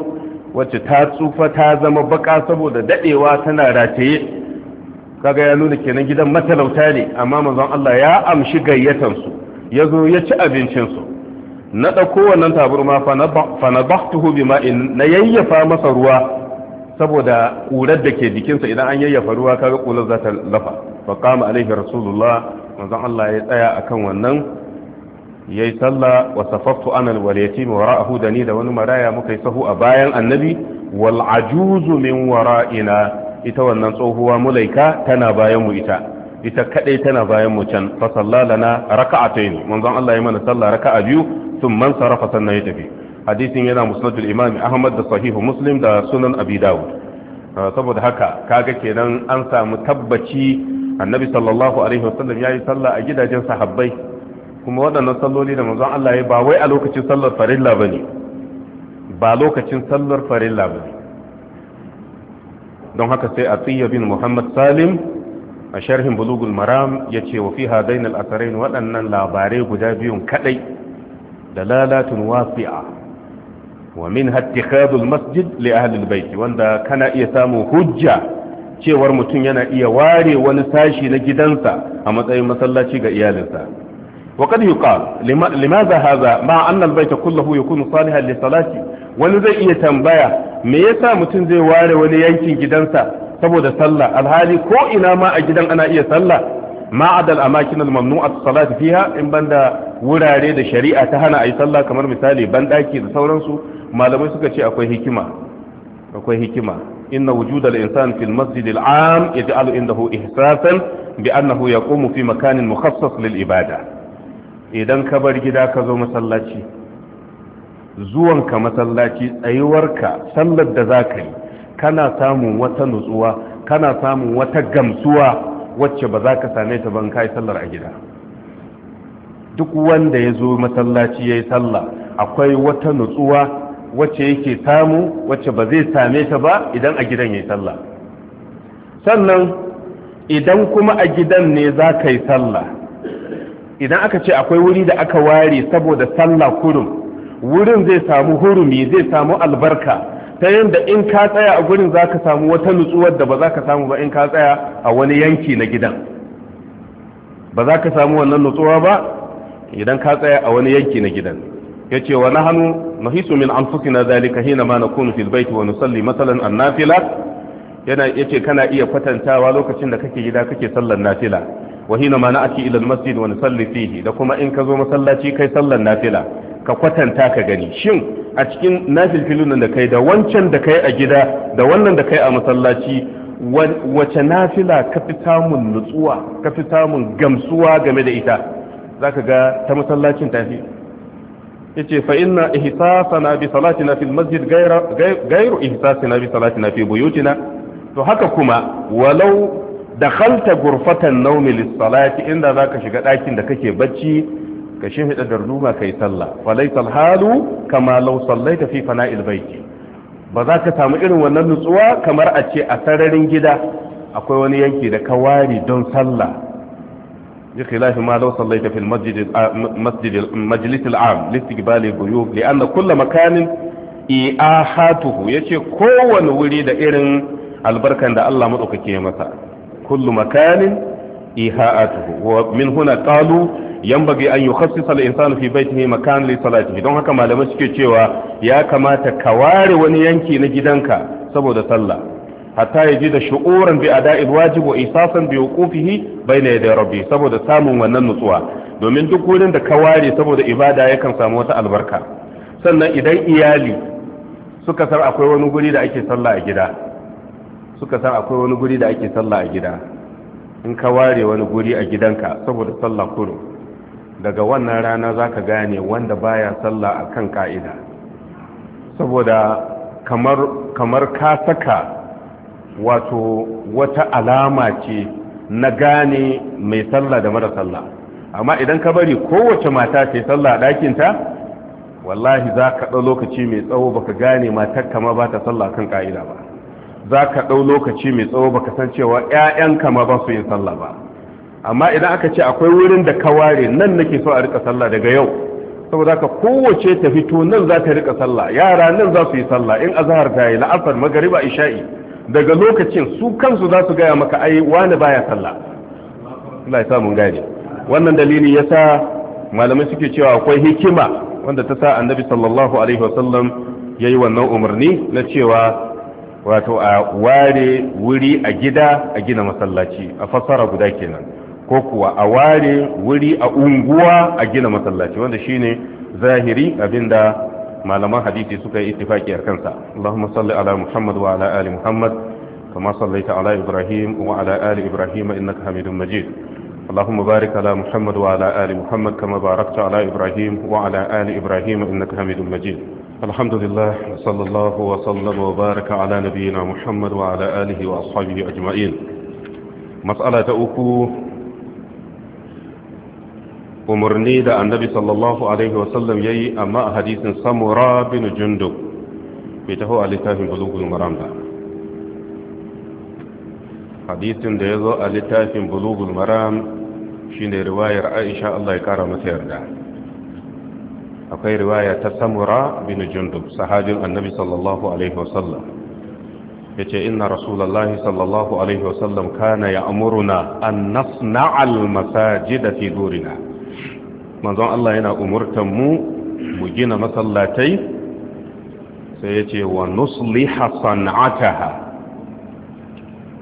wacce ta tsufa ta zama baka saboda dadewa tana rataye kaga ya nuna kenan gidan matalauta ne amma manzon Allah ya amshi gayyatan su zo ya ci abincin su na dauko wannan taburma fa na bahtuhu bima in na yayyafa masa ruwa saboda ƙurar da ke jikinsa idan an yayyafa ruwa kaga ƙurar za ta lafa fa qama alaihi rasulullah manzon Allah ya tsaya akan wannan yayi sallah wa safaftu ana al wara'ahu da ni da wani maraya muka yi sahu a bayan annabi wal ajuzu min wara'ina ita wannan tsohuwa mulaika tana bayan mu ita ita kadai tana bayan mu can fa sallalana raka'atayn manzon Allah ya mana sallah raka'a biyu sun man sarafa sannan ya tafi hadisin yana musnadul imam ahmad da sahihu muslim da sunan abi dawud ah, saboda haka kaga kenan an samu tabbaci annabi sallallahu alaihi wasallam yayi sallah a gidajen sahabbai kuma waɗannan salloli da manzon Allah ya ba wai a lokacin sallar farilla bane ba lokacin sallar farilla bane don haka sai Atiyya bin Muhammad Salim a sharhin Bulughul Maram yace wa fiha bainal atharain waɗannan labarai guda biyun kadai dalalatun wasi'a wa min hattikhadul masjid li ahli albayt wanda kana iya samun hujja cewar mutum yana iya ware wani sashi na gidansa a matsayin masallaci ga iyalinsa وقد يقال لماذا هذا مع kulla البيت كله يكون صالحا للصلاة wani zai iya tambaya me yasa mutum zai ware wani yankin gidansa saboda sallah alhali ko ina ma a gidan ana iya sallah ma adal amakin almamnu'at salat fiha in banda wurare da shari'a ta hana ayi sallah kamar misali bandaki da sauransu malamai suka ce akwai hikima akwai hikima inna wujudal insan fil masjid al'am yaj'alu indahu ihsasan bi annahu yaqumu fi makanin mukhassas lil ibada idan ka bar gida ka zo masallaci zuwanka masallaci tsayuwarka sallar da za ka yi kana samun wata nutsuwa kana samun wata gamsuwa wacce ba za ka same ta ban kai sallar a gida duk wanda ya zo masallaci ya yi sallah akwai wata nutsuwa wacce yake samu wacce ba zai same ta ba idan a gidan ya yi sallah sannan idan kuma a gidan ne za ka yi sallah idan aka ce akwai wuri da aka ware saboda sallah kurum wurin zai samu hurumi zai samu albarka ta yadda in ka tsaya a gurin za ka samu wata nutsuwar da ba za ka samu ba in ka tsaya a wani yanki na gidan ba za ka samu wannan nutsuwa ba idan ka tsaya a wani yanki na gidan ya ce wa nahanu nahisu min na zalika hina ma nakunu fil baiti wa nusalli masalan annafila yana yace kana iya kwatantawa lokacin da kake gida kake sallar nafila wa hina ma na'ati ila almasjid wa nusalli fihi da kuma in ka zo masallaci kai sallar nafila ka kwatanta ka gani shin a cikin nafilfilun da kai da wancan da kai a gida da wannan da kai a masallaci wace nafila ka fi samun nutsuwa ka fi samun gamsuwa game da ita zaka ga ta masallacin tafi yace fa inna ihsasana bi salatina fil masjid ghayru ihsasina bi salatina fi buyutina to haka kuma walau dakhalta gurfatan naumi lis-salati inda zaka shiga ɗakin da kake bacci ka shehida darduma kai sallah falaysa al-halu kama law sallaita fi fana'il baiti ba za ka samu irin wannan nutsuwa kamar a ce a sararin gida akwai wani yanki da ka ware don sallah bi khilafi ma law sallaita fil masjid majlis al-am listiqbal al-buyub li'anna kull makanin i'ahatuhu yace kowane wuri da irin albarkan da Allah madaukake ya masa kullu makanin iha'atuhu wa min huna qalu yanbaghi an yukhassisa al-insanu fi baytihi makan li salatihi don haka malamai suke cewa ya kamata ka ware wani yanki na gidanka saboda sallah hatta yaji da shu'uran bi ada'il wajib wa isasan bi wuqufihi bayna yaday rabbi saboda samun wannan nutsuwa domin duk wurin da ka ware saboda ibada yakan samu wata albarka sannan idan iyali suka san akwai wani guri da ake sallah a gida suka san akwai wani guri da ake sallah a gida in ka ware wani guri a gidanka saboda sallah kudu daga wannan rana za ka gane wanda baya sallah a kan ka'ida saboda kamar ka saka wato wata alama ce na gane mai sallah da mara sallah amma idan ka bari kowace mata ce sallah a ɗakinta wallahi za ka ɗau lokaci mai tsawo baka gane matar kama ba ta sallah kan ka'ida ba za ka ɗau lokaci mai tsawo baka san cewa 'ya'yanka ma ba su yin sallah ba amma idan aka ce akwai wurin da ka ware nan nake so a rika sallah daga yau saboda ka kowace ta fito nan za ta rika sallah yara nan za su yi sallah in azhar ta yi la'asar magariba isha'i daga lokacin su kansu za su gaya maka ai wani baya sallah Allah ya sa mun gane wannan dalili yasa malamai suke cewa akwai hikima wanda ta sa annabi sallallahu alaihi wasallam yayi wannan umarni na cewa wato a ware wuri a gida a gina masallaci a fassara guda kenan ko kuwa a ware wuri a unguwa a gina masallaci wanda shine zahiri abinda malaman hadisi suka yi ittifaki a kansa Allahumma salli ala Muhammad wa ala ali Muhammad kama sallaita ala Ibrahim wa ala ali Ibrahim innaka Hamidum Majid اللهم بارك على محمد وعلى آل محمد كما باركت على إبراهيم وعلى آل إبراهيم إنك حميد مجيد الحمد لله صلى الله وسلم وبارك على نبينا محمد وعلى آله وأصحابه أجمعين مسألة أكو umarni da annabi sallallahu alaihi wasallam ya yi amma a hadisin samura bin jundub bai taho a littafin bulugul maram ba hadisin da ya zo a littafin bulugul maram shine riwayar aisha Allah ya kara masa yarda akwai riwaya ta samura bin jundub sahabin annabi sallallahu alaihi wasallam ya ce inna rasulallah sallallahu alaihi wasallam kana ya amuruna an nasna'al masajida fi durina manzon Allah yana umurtan mu mu gina masallatai sai ya ce wa nusliha san'ataha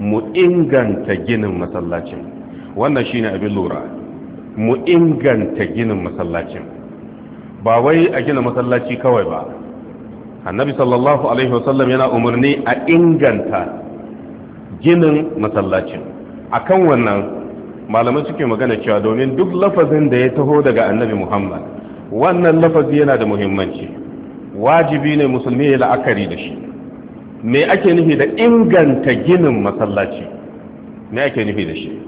mu inganta ginin masallacin wannan shine abin lura mu inganta ginin masallacin ba wai a gina masallaci kawai ba annabi sallallahu alaihi wasallam yana umarni a inganta ginin masallacin akan wannan malamai suke magana cewa domin duk lafazin da ya taho daga annabi muhammad wannan lafazi yana da muhimmanci wajibi ne musulmi ya la'akari da shi me ake nufi da inganta ginin masallaci me ake nufi da shi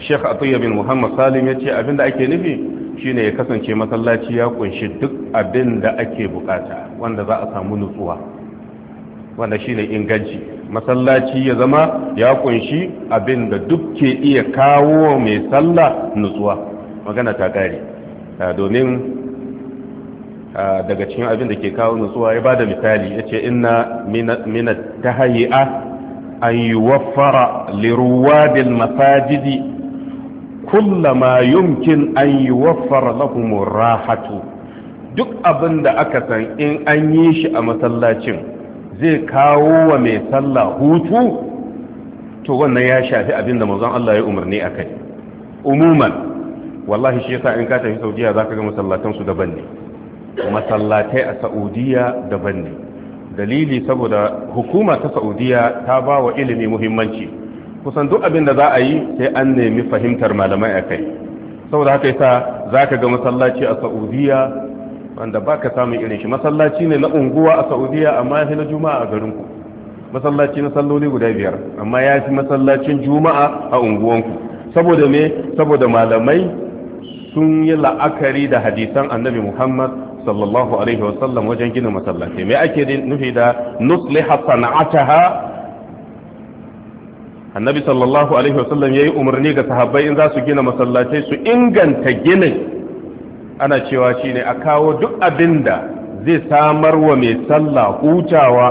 Sheikh Atiyya bin Muhammad Salim ya ce abinda ake nufi shine ya kasance masallaci ya kunshi duk abin da ake bukata wanda za a samu nutsuwa wanda shine inganci masallaci ya zama ya kunshi abin da duk ke iya kawo mai sallah nutsuwa magana ta kare ah, domin ah, daga cikin abin da ke kawo nutsuwa ya bada misali ya ce inna minat tahayya an liruwa liruwadil masajidi Kulla yumkin an yi waffar lahumun duk abin da aka san in an yi shi a masallacin zai kawo wa mai sallah hutu to wannan ya shafi abin da mazan Allah ya umarni a kai umuman wallahi shi yasa in ka tafi saudiya za ka ga masallatansu daban ne masallatai a saudiya daban ne dalili saboda hukuma ta saudiya ta ba wa ilimi muhimmanci kusan duk abin da za a yi sai an nemi fahimtar malamai a kai saboda haka yasa za ka ga masallaci a saudiya wanda ba ka samun irin shi masallaci ne na unguwa a saudiya amma ya fi na juma'a a garinku masallaci na salloli guda biyar amma ya fi masallacin juma'a a unguwanku saboda me saboda malamai sun yi la'akari da hadisan annabi muhammad sallallahu alaihi wasallam wajen gina masallaci me ake nufi da nusliha sana'ataha annabi sallallahu alaihi wasallam yayi umarni ga sahabbai in za su gina masallatai su inganta ginin ana cewa shine a kawo duk abinda zai samar wa mai sallah hutawa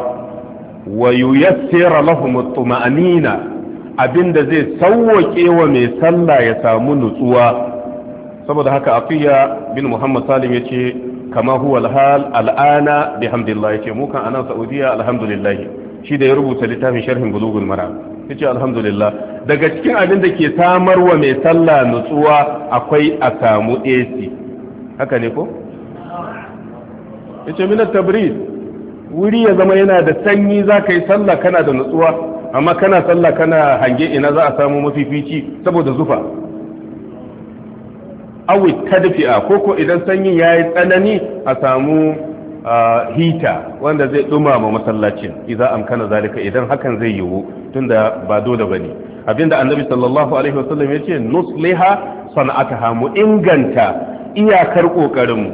wa yuyassira lahum at-tuma'anina abinda zai sauwake wa mai sallah ya samu nutsuwa saboda haka afiya bin muhammad salim yace kama huwa al-hal al'ana bihamdillah yace mu kan anan saudiya alhamdulillah shi da ya rubuta littafin sharhin bulugul maram yace alhamdulillah daga cikin abin da ke samar wa mai sallah nutsuwa akwai a samu AC haka ne ko yace min tabriz wuri ya zama yana da sanyi zaka yi sallah kana da nutsuwa amma kana sallah kana hange ina za a samu mafifici saboda zufa awi tadfi'a koko idan sanyin yayi tsanani a samu hita wanda zai dumama masallacin idan amkana zalika idan hakan zai yiwu tunda ba dole bane abinda annabi sallallahu alaihi wasallam yace nusliha sanataha mu inganta iyakar kokarin mu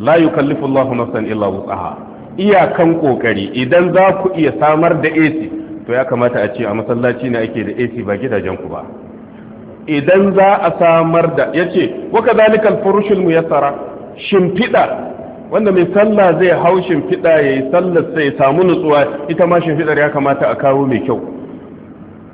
la yukallifu Allah nafsan illa wus'aha iyakan kokari idan za ku iya samar da AC to ya kamata a ce a masallaci ne ake da AC ba gidajen ku ba idan za a samar da yace wa kadhalika al-furushul muyassara shimfida wanda mai sallah zai hau shimfiɗa ya yi sallar sai samu nutsuwa ita ma shimfiɗar ya kamata a kawo mai kyau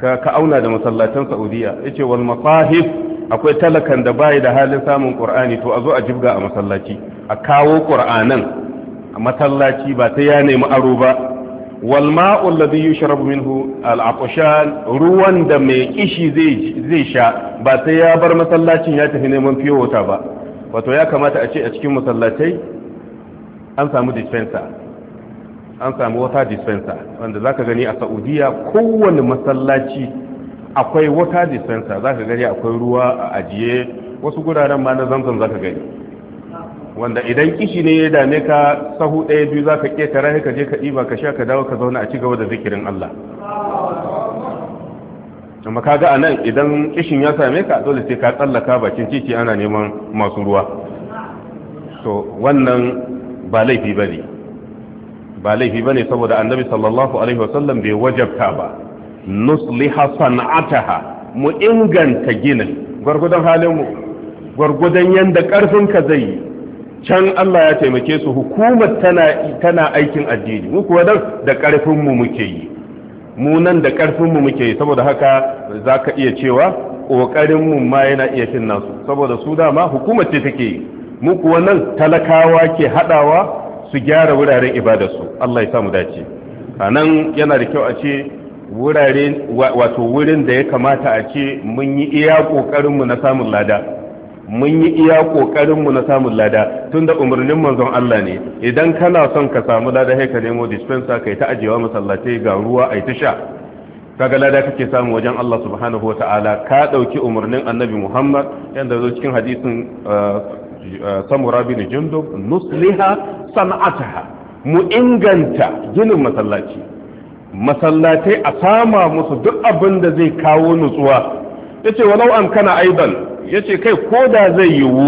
ka auna da masallatan saudiya ya ce wal masahif akwai talakan da bayi da halin samun ƙur'ani to a zo a jibga a masallaci a kawo ƙur'anan a masallaci ba ta ya nemi aro ba wal ma'ul ladhi yushrabu minhu al aqshan ruwan da mai kishi zai zai sha ba sai ya bar masallacin ya tafi neman fiyo ba wato ya kamata a ce a cikin masallatai an samu dispenser an samu water dispenser wanda zaka gani a saudiya kowane masallaci akwai water dispenser zaka gani akwai ruwa a ajiye wasu guraren ma na zamzam zaka gani wanda idan kishi ne ya dame ka sahu ɗaya biyu zaka ketara ka je ka ɗiba ka sha ka dawo ka zauna a ci gaba da zikirin Allah amma kaga a nan idan kishin ya same ka dole sai ka tsallaka bakin titi ana neman masu ruwa to wannan ba laifi ba ba laifi ba saboda annabi sallallahu alaihi wasallam bai wajabta ba nusliha san'ataha mu inganta ginin mu halinmu yanda yadda ƙarfinka zai yi can Allah ya taimake su hukumar tana tana aikin addini mu kuwa da ƙarfinmu muke yi mu nan da ƙarfinmu muke yi saboda haka zaka iya cewa ƙoƙarinmu ma yana iya cin nasu saboda su dama hukumar ce take yi mu kuwa nan talakawa ke haɗawa su gyara wuraren ibadarsu Allah ya samu dace a nan yana da kyau a ce wurare wato wurin da ya kamata a ce mun yi iya ƙoƙarinmu na samun lada mun yi iya ƙoƙarinmu na samun lada Tunda da umarnin manzon Allah ne idan kana son ka samu lada sai ka nemo dispenser kai ta ajiyewa masallatai ga ruwa ai ta sha kaga lada kake samu wajen Allah subhanahu wa ta'ala ka ɗauki umarnin annabi Muhammad yanda zo cikin hadisin uh, Eh, samura bin jundub nusliha san'ataha mu inganta ginin masallaci masallatai a sama musu duk abin da zai kawo nutsuwa yace walau an kana aidan yace kai ko da zai yiwu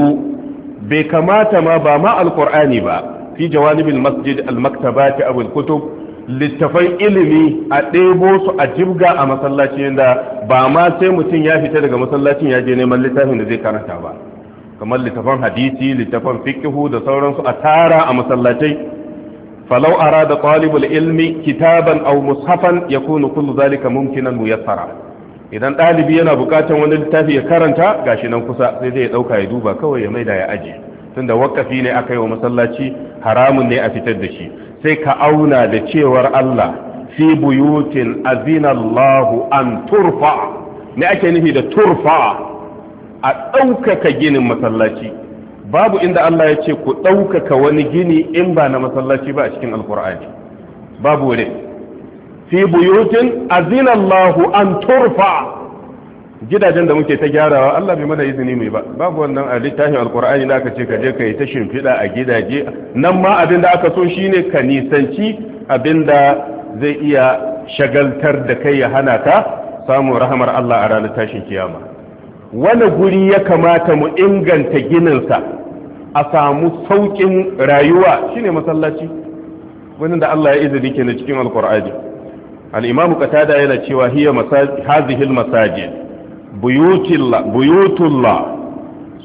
bai kamata ma ba ma alqur'ani ba fi jawanibil masjid almaktabati aw alkutub littafan ilimi a ɗebo su a jibga a masallaci da ba ma sai mutum ya fita daga masallacin ya je neman littafin da zai karanta ba kamar littafan hadisi littafan fiqhu da sauransu a tara a masallatai falau da talibul ilmi kitaban aw mushafan yakunu kullu zalika mumkinan muyassara idan dalibi yana bukatan wani littafi ya karanta gashi nan kusa sai zai ɗauka ya duba kawai ya maida ya aje tunda wakafi ne aka yi wa masallaci haramun ne a fitar da shi sai ka auna da cewar Allah fi buyutin azinallahu an turfa ne ake nufi da turfa a ɗaukaka ginin masallaci babu inda Allah ya ce ku ɗaukaka wani gini in ba na masallaci ba a cikin alkur'ani babu wani fi buyutin azinallahu an turfa gidajen da muke ta gyarawa Allah bai mana izini mai ba babu wannan a littafin alkur'ani da aka ce ka je ka yi ta shimfiɗa a gidaje nan ma abin da aka so shine ka nisanci abin da zai iya shagaltar da kai ya hana ka samun rahamar Allah a ranar tashin kiyama wani guri ya kamata mu inganta gininsa a samu sauƙin rayuwa shine masallaci wani da Allah ya izini ke na cikin alkur'ani imamu katada yana cewa hiya hazihil masajid buyutullah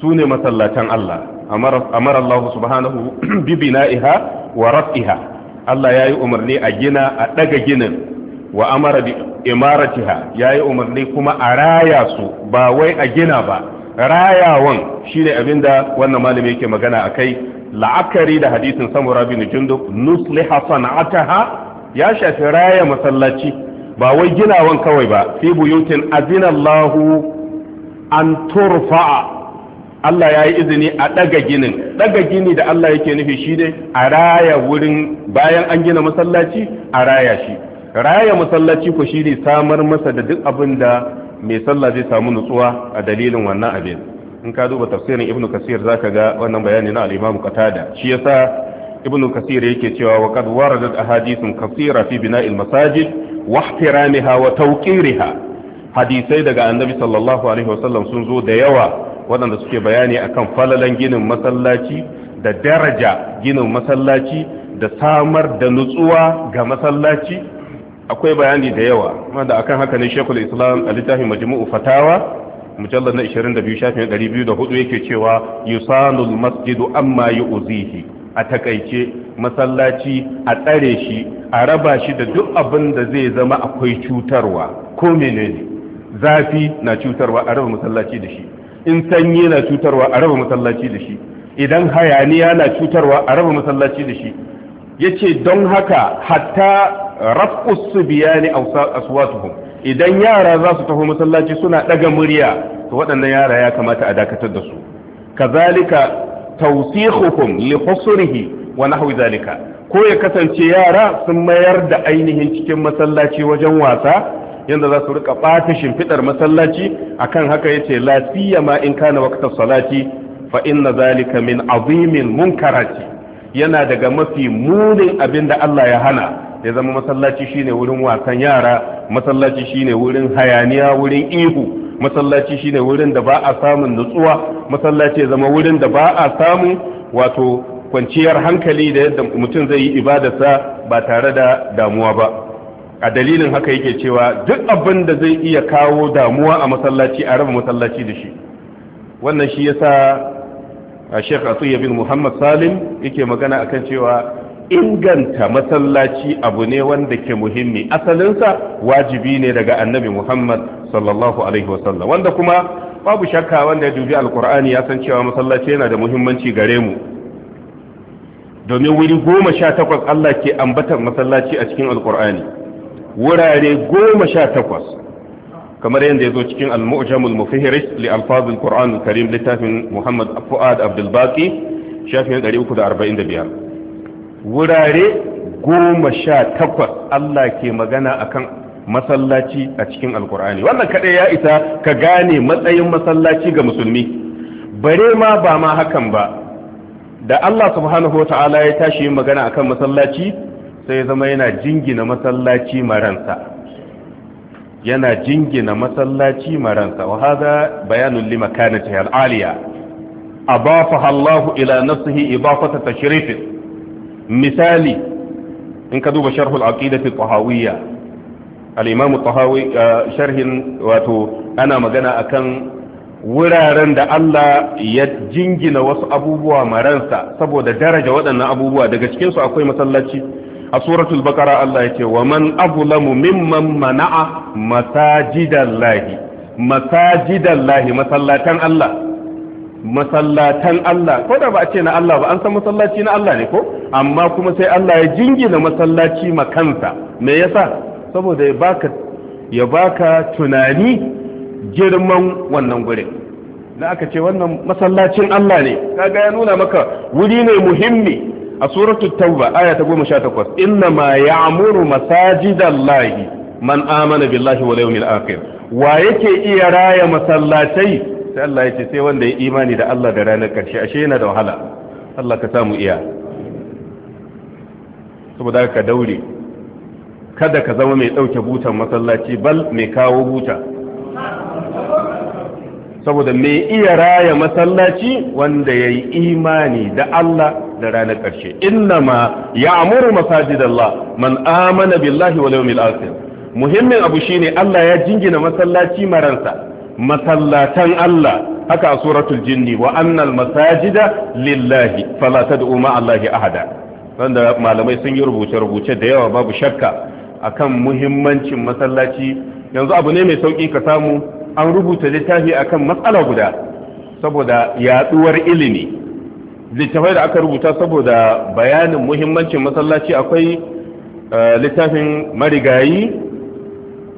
su ne masallatan Allah amar Allah subhanahu bi bina'iha wa raf'iha Allah ya yi umarni a gina a ɗaga ginin wa amara bi imaratiha yi umarni kuma a raya su ba wai a gina ba rayawan shine abinda wannan malami yake magana a kai la'akari da hadisin samura bin jundub nusliha sanataha ya shafi raya masallaci ba wai ginawan kawai ba fi buyutin azinallahu an turfa'a Allah ya yi izini a ɗaga ginin ɗaga gini da Allah yake nufi shi ne a raya wurin bayan an gina masallaci a raya shi raya masallaci ko shine samar masa da duk abin da mai sallah zai samu nutsuwa a dalilin wannan abin in ka duba tafsirin ibnu kasir zaka ga wannan bayani na al-imam qatada shi yasa ibnu kasir yake cewa wa qad waradat ahadithun kasira fi bina'il masajid wa ihtiramiha wa tawqiriha hadisai daga annabi sallallahu alaihi wasallam sun zo da yawa waɗanda suke bayani akan falalan ginin masallaci da daraja ginin masallaci da samar da nutsuwa ga masallaci akwai bayani da yawa wanda akan haka ne shekul islam a littafin majmu'u fatawa mujallar na 22 shafin 204 yake cewa yusanul masjidu amma yu'zihi a takaice masallaci a tsare shi a raba shi da duk abin da zai zama akwai cutarwa ko menene zafi na cutarwa a raba masallaci da shi in sanyi na cutarwa a raba masallaci da shi idan hayaniya na cutarwa a raba masallaci da shi yace don haka hatta raf'us subyani aswatuhum idan yara za su taho masallaci suna daga murya to waɗannan yara ya kamata a dakatar da su kazalika tawsihuhum li husrihi wa nahwi zalika ko ya kasance yara sun mayar da ainihin cikin masallaci wajen wasa yanda za su rika bata shimfidar masallaci akan haka yace la siyama in kana waqtas salati fa inna zalika min azimin munkarati yana daga mafi munin abinda Allah ya hana ya zama masallaci shine wurin wasan yara masallaci shine wurin hayaniya wurin ihu masallaci shine wurin da ba a samun nutsuwa masallaci ya zama wurin da ba a samun wato kwanciyar hankali da yadda mutum zai yi ibadarsa ba tare da damuwa ba a dalilin haka yake cewa duk abin da zai iya kawo damuwa a masallaci a raba masallaci da shi wannan shi yasa a sheikh bin muhammad salim yake magana akan cewa inganta masallaci abu ne wanda ke muhimmi asalinsa wajibi ne daga annabi muhammad sallallahu alaihi wasallam wanda kuma babu shakka wanda ya dubi alkur'ani ya san cewa masallaci yana da muhimmanci gare mu domin wuri goma sha takwas allah ke ambatar masallaci a cikin alkur'ani wurare goma sha takwas kamar yadda ya zo cikin al-mu'jamul mufihiris li alfazul qur'an karim littafin muhammad fuad abdul baqi shafin 345 wurare goma sha takwas Allah ke magana akan masallaci a cikin alkur'ani wannan kaɗai ya isa ka gane matsayin masallaci ga musulmi bare ma ba ma hakan ba da Allah subhanahu ta'ala ya tashi yin magana akan masallaci sai zama yana jingina masallaci maransa yana jingina masallaci maransa wa hada bayanun limakanati al-aliya abafa Allah ila nafsihi ibafata tashrifin misali in ka duba sharhul aqidati tahawiyya al-imam tahawi eh, sharhin wato ana magana akan wuraren da Allah ya jingina wasu abubuwa maransa saboda daraja waɗannan abubuwa daga cikin su akwai masallaci a suratul baqara Allah yake wa man azlamu mimman mana'a masajidallahi masajidallahi masallatan Allah masallatan Allah ko da ba a ce na Allah ba an san masallaci na Allah ne ko amma kuma sai Allah ya jingina masallaci makansa kansa me yasa saboda ya baka ya baka tunani girman wannan gurin da aka ce wannan masallacin Allah ne kaga ya nuna maka wuri ne muhimmi a suratul tauba aya ta 18 inna ma ya'muru masajidallahi man amana billahi wal yawmil akhir wa yake iya raya masallatai sai Allah ya ce sai wanda ya imani da Allah da ranar karshe ashe yana da wahala Allah ka samu iya saboda ka daure kada ka zama mai dauke butan masallaci bal mai kawo buta saboda mai iya raya masallaci wanda ya yi imani da Allah da ranar ƙarshe innama ya amuru masajidallah man amana billahi wal yawmil muhimmin abu shine Allah ya jingina masallaci maransa masallatan Allah haka a suratul jinni wa annal masajida lillahi fala tad'u ma Allahi ahada wanda malamai sun yi rubuce rubuce da yawa babu shakka akan muhimmancin masallaci yanzu abu ne mai sauki ka samu an rubuta littafi akan matsala guda saboda yaduwar ilimi littafai da aka rubuta saboda bayanin muhimmancin masallaci akwai eh, littafin marigayi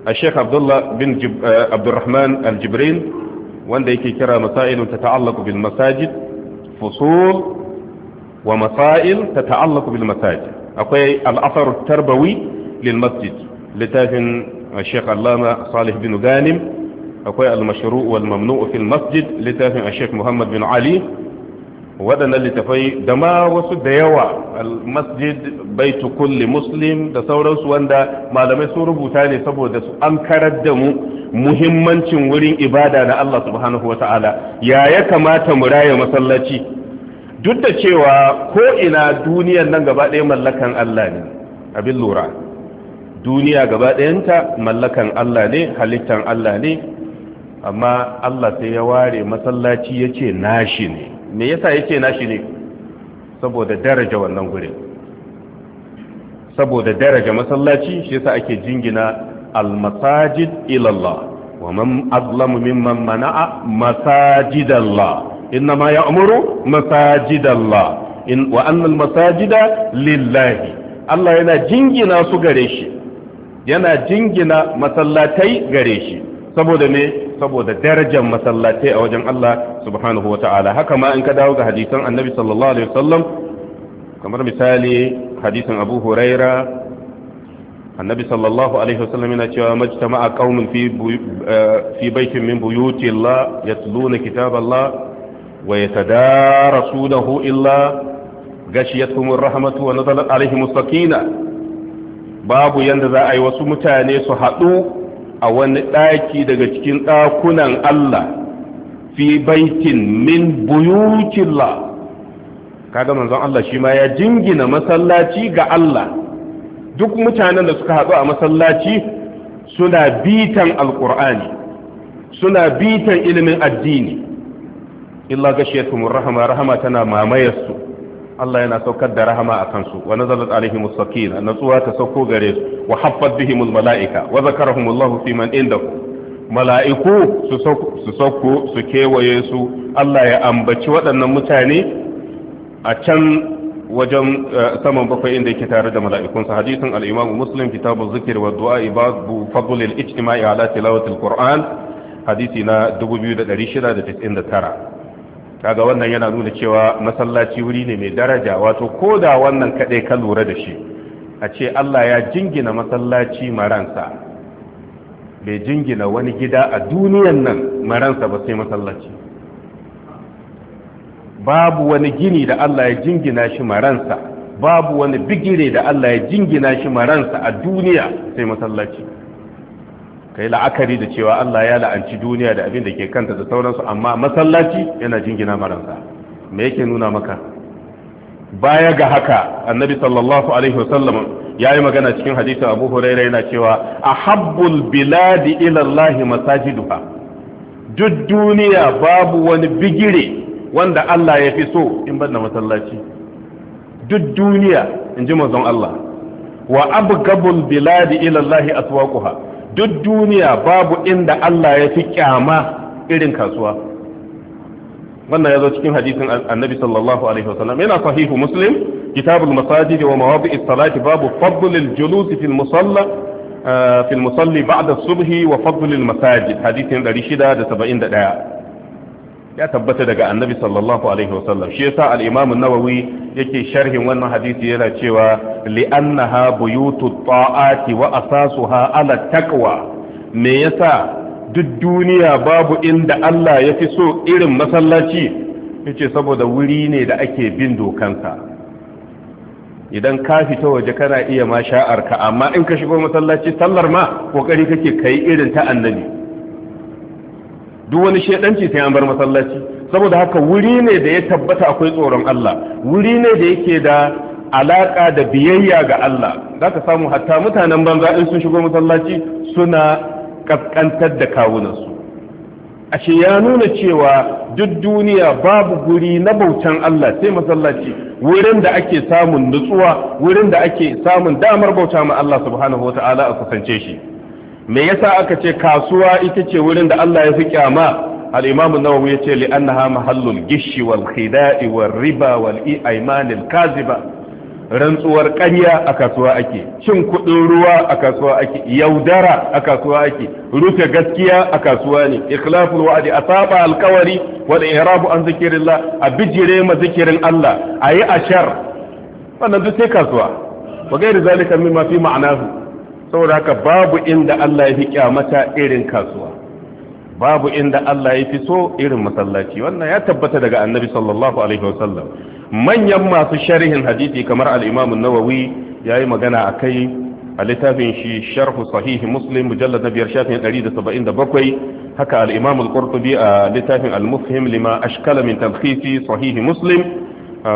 الشيخ عبد الله بن جب... آه، عبد الرحمن الجبرين وندئك كرا مسائل تتعلق بالمساجد فصول ومسائل تتعلق بالمساجد أقول الأثر التربوي للمسجد لتاف الشيخ اللامة صالح بن غانم أقول المشروع والممنوع في المسجد لتاف الشيخ محمد بن علي waɗannan littafai da ma wasu da yawa masjid baitu kulli muslim da sauransu wanda malamai sun rubuta ne saboda su an karar da mu muhimmancin wurin ibada na Allah subhanahu wa ta'ala ya ya kamata mu raya masallaci duk da cewa ko ina duniyar nan gaba ɗaya mallakan Allah ne abin lura duniya gaba ɗayanta mallakan Allah ne halittan Allah ne amma Allah sai ya ware masallaci ya ce nashi ne me yasa yake nashi ne saboda daraja wannan gurin saboda daraja masallaci shi yasa ake jingina al-masajid ila Allah wa man azlamu mimman mana'a masajid Allah innama ya'muru masajid Allah in wa anna al-masajida lillahi Allah yana jingina su gare shi yana jingina masallatai gare shi saboda me saboda darajar masallatai a wajen Allah subhanahu wata'ala haka ma in ka dawo ga hadisan annabi sallallahu alaihi wasallam kamar misali hadisin abu huraira annabi sallallahu alaihi wasallam yana cewa majtama'a qaumun fi eh, fi baitin min buyuti Allah yatluna kitaballah wa yatadarasunahu illa gashiyatuhumur rahmatu wa nazalat alaihim sakina babu yanda za a yi wasu mutane su haɗu a wani ɗaki daga cikin ɗakunan Allah fi baitin min buyutillah kaga manzon Allah shi ma ya jingina masallaci ga Allah duk mutanen da suka haɗu a masallaci suna bitan alƙur'ani suna bitan ilimin addini illa gashiyatuhum rahama rahama tana mamayarsu Allah yana saukar da rahama a kansu wa nazalat alaihim sakina natsuwa ta sauko gare su wa haffat bihim malaika wa zakarahum Allah fi man indahu mala'iku su sauko su kewaye su Allah ya ambaci waɗannan mutane a can wajen eh, saman bakwai inda yake tare da mala'ikunsa hadisin al-Imam Muslim kitabu zikr wa du'a babu fadl al-ijtima'i ala tilawati al-Qur'an hadisi na 2699 kaga wannan yana nuna cewa masallaci wuri ne mai daraja wato ko da wannan kaɗai ka lura da shi a ce Allah ya jingina masallaci maransa bai jingina wani gida a duniyan nan maransa ba sai masallaci babu wani gini da Allah ya jingina shi maransa babu wani bigire da Allah ya jingina shi maransa a duniya sai masallaci kai la'akari da cewa Allah ya la'anci duniya da abin da ke kanta da sauransu amma masallaci yana jingina maransa me yake nuna maka baya ga haka annabi sallallahu alaihi wasallam ya yi magana cikin hadisi abu huraira yana cewa ahabbul biladi ila Allah masajiduha duk duniya babu wani bigire wanda Allah ya fi so in banda masallaci duk duniya in ji manzon Allah wa abgabul biladi ila Allah aswaquha duk duniya babu inda Allah ya fi kyama irin kasuwa wannan ya zo cikin hadisin annabi sallallahu alaihi wasallam yana sahihu muslim kitabul masajid wa mawadi'is salati babu fadlil julusi fil musalla eh, fil musalli ba'da subhi wa fadlil masajid hadisin 671 ya tabbata daga annabi sallallahu alaihi wasallam shi yasa al-imam an-nawawi yake sharhin wannan hadisi yana cewa li'annaha buyutu ta'ati wa asasuha ala taqwa me yasa duk duniya babu inda Allah ya fi so irin masallaci yace saboda wuri ne da ake bin dokansa idan ka fita waje kana iya ma sha'arka amma in ka shigo masallaci sallar ma kokari kake kai irin ta annabi duk wani shedanci sai an bar masallaci saboda haka wuri ne da ya tabbata akwai tsoron Allah wuri ne da yake da alaka da biyayya ga Allah zaka samu hatta mutanen banza in sun shigo masallaci suna kaskantar da kawunansu ashe ya nuna cewa duk duniya babu guri na bautan Allah sai masallaci wurin da ake samun nutsuwa wurin da ake samun damar bauta ma Allah subhanahu wata'ala a kusance shi me yasa aka ce kasuwa ita ce wurin da Allah ya fi kyama al-Imam an-Nawawi yace li annaha mahallul gishi wal khida'i wal riba wal kaziba rantsuwar ƙarya a kasuwa ake cin kuɗin ruwa a kasuwa ake yaudara a kasuwa ake rufe gaskiya a kasuwa ne ikhlaful wa'di asaba alqawari wal i'rabu an zikrillah a bijire ma zikirin Allah ayi ashar wannan duk sai kasuwa wa gairi zalika mimma fi su? saboda haka babu inda Allah ya fi kyamata irin kasuwa babu inda Allah ya fi so irin masallaci wannan ya tabbata daga annabi sallallahu alaihi wasallam manyan masu sharihin hadisi kamar al-imam an-nawawi yayi magana akai a littafin shi sharh sahih muslim mujallad na biyar shafin 177 haka al-imam al-qurtubi a littafin al-mufhim lima ashkala min talkhisi sahih muslim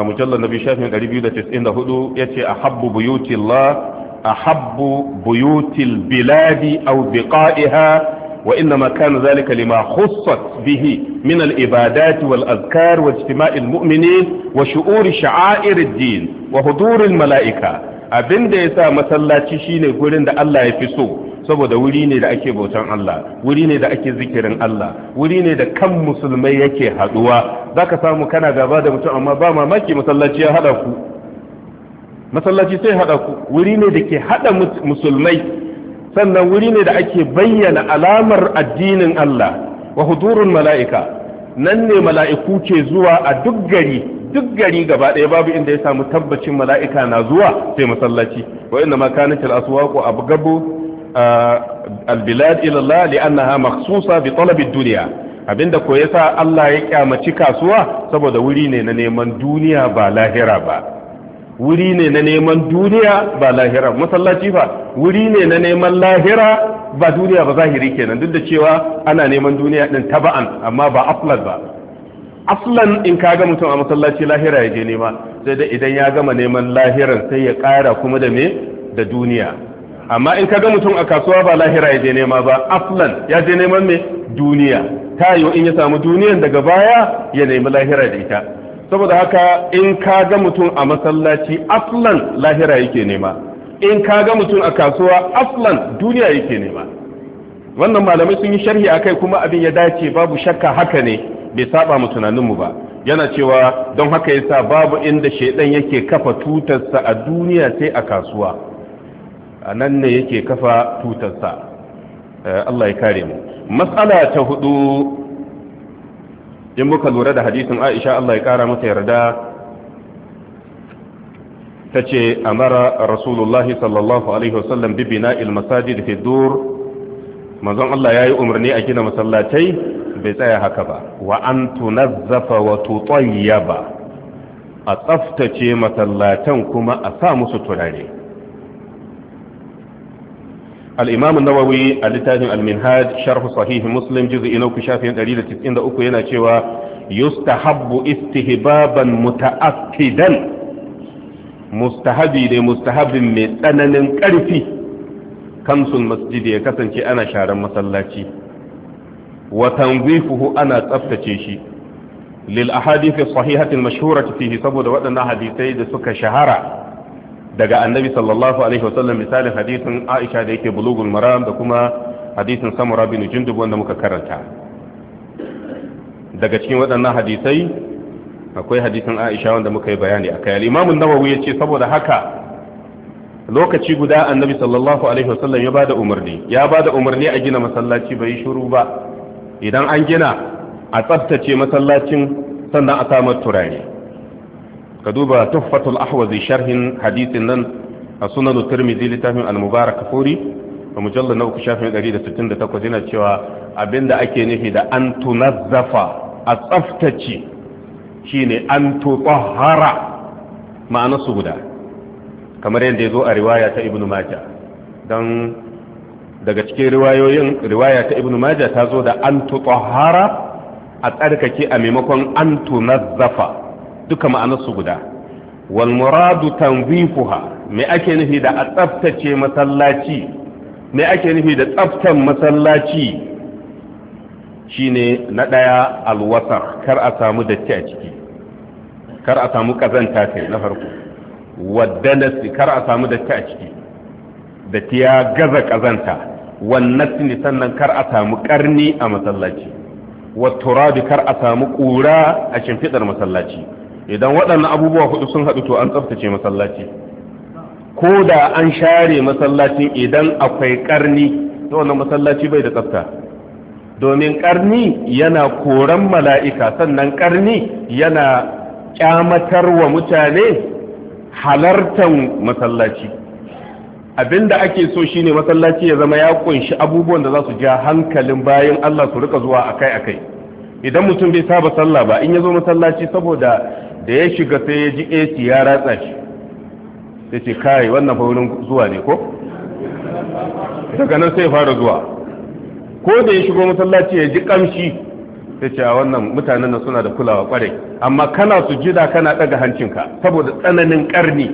mujallad na biyar shafin 294 yace ahabbu buyutillah أحب بيوت البلاد أو بقائها وإنما كان ذلك لما خصت به من الإبادات والأذكار واجتماع المؤمنين وشعور شعائر الدين وحضور الملائكة abin da ya sa masallaci shine gurin da Allah ya fi so saboda wuri ne da ake bautan Allah wuri ne da ake zikirin Allah wuri ne da kan musulmai yake haduwa zaka samu kana gaba da mutum amma ba mamaki masallaci ya hada ku masallaci sai haɗa ku wuri ne da ke haɗa musulmai sannan wuri ne da ake bayyana alamar addinin Allah wa hudurun mala'ika nan ne mala'iku ke zuwa a duk gari duk gari gaba ɗaya babu inda ya samu tabbacin mala'ika na zuwa sai masallaci wa inna ma kanat al-aswaq Gabo, al-bilad ila Allah makhsusa bi talab duniya abinda ko yasa Allah ya kyamaci kasuwa saboda wuri ne na neman duniya ba lahira ba wuri ne na neman duniya ba lahira masallaci fa wuri ne na neman lahira ba duniya ba zahiri kenan duk da cewa ana neman duniya din taba'an amma ba aflan ba aslan in ka ga mutum a masallaci lahira ya je nema sai da idan ya gama neman lahiran sai ya kara kuma da me da duniya amma in ka ga mutum a kasuwa ba lahira ya je nema ba aflan ya je neman me duniya ta yiwu in ya samu duniyan daga baya ya nemi lahira da ita saboda haka in ka ga mutum a masallaci aslan lahira yake nema in ka ga mutum a kasuwa aslan duniya yake nema wannan malamai sun yi sharhi a kai kuma abin ya dace babu shakka haka ne bai saba mu tunaninmu ba yana cewa don haka yasa babu inda shaidan yake kafa tutarsa a duniya sai a kasuwa a nan ne yake kafa tutarsa eh, Allah ya kare mu matsala ta hudu in muka lura da hadisin aisha Allah ya kara mata yarda ta ce amara rasulullahi sallallahu alaihi wasallam Bibina bina'il masajid fi dur manzon Allah yayi umarni a gina masallatai bai tsaya haka ba wa an tunazzafa wa tutayyaba a tsaftace masallatan kuma a sa musu turare Al'imamin imam nawawi a littafin al-minhaj sharh sahih muslim juz'i na 93 yana cewa yustahabbu istihbaban muta'akkidan mustahabi ne mustahabin mai tsananin karfi kamsun masjidi ya kasance ana sharan masallaci wa tanzifuhu ana tsaftace shi lil ahadith as-sahihah al-mashhurah fihi saboda waɗannan hadisai da suka shahara daga annabi sallallahu alaihi wasallam misalin hadisin aisha da yake bulugul maram da kuma hadisin samura bin jundub wanda muka karanta daga cikin waɗannan hadisai akwai hadisin aisha wanda muka yi bayani a kai al'imamun nawawi ya ce saboda haka lokaci guda annabi sallallahu alaihi wasallam ya bada umarni ya bada umarni a gina masallaci bai shuru ba idan an gina a tsaftace masallacin sannan a samar turare ka duba tuhfatul ahwazi sharhin hadisin nan a sunan tirmidhi littafin al-mubarak furi a mujallar na uku shafin 168 yana cewa abinda ake nufi da an tunazzafa a tsaftace shine an tutahhara ma'anar su guda kamar yadda ya zo a riwaya ta ibnu majah don daga cikin riwayoyin riwaya ta ibnu majah ta zo da an tutahhara a tsarkake a maimakon an tunazzafa duka ma'anarsu guda Walmuradu muradu tanzifuha me ake nufi da a tsaftace masallaci me ake nufi da tsaftan masallaci shine na daya alwasar kar a samu datti a ciki kar a samu kazanta kai na farko waddanasi kar a samu datti a ciki datti ya gaza kazanta wannan sannan kar a samu karni a masallaci wa turabi kar a samu kura a shimfidar masallaci idan waɗannan abubuwa kuɗi sun haɗu to an tsaftace masallaci ko da an share masallacin idan akwai ƙarni to wannan masallaci bai da tsafta domin ƙarni yana koran mala'ika sannan ƙarni yana ƙyamatar wa mutane halartar masallaci Abin abinda ake so shine masallaci ya zama ya kunshi abubuwan da za su ja hankalin bayan Allah su rika zuwa akai-akai idan mutum bai saba sallah ba in ya zo masallaci saboda da ya shiga sai ya ji AC ya ratsa shi sai ce kai wannan fa wurin zuwa ne ko daga nan sai fara zuwa ko da ya shigo masallaci ya ji kamshi sai ce wannan mutanen nan suna da kulawa kwarai amma kana su jida kana daga hancinka saboda tsananin karni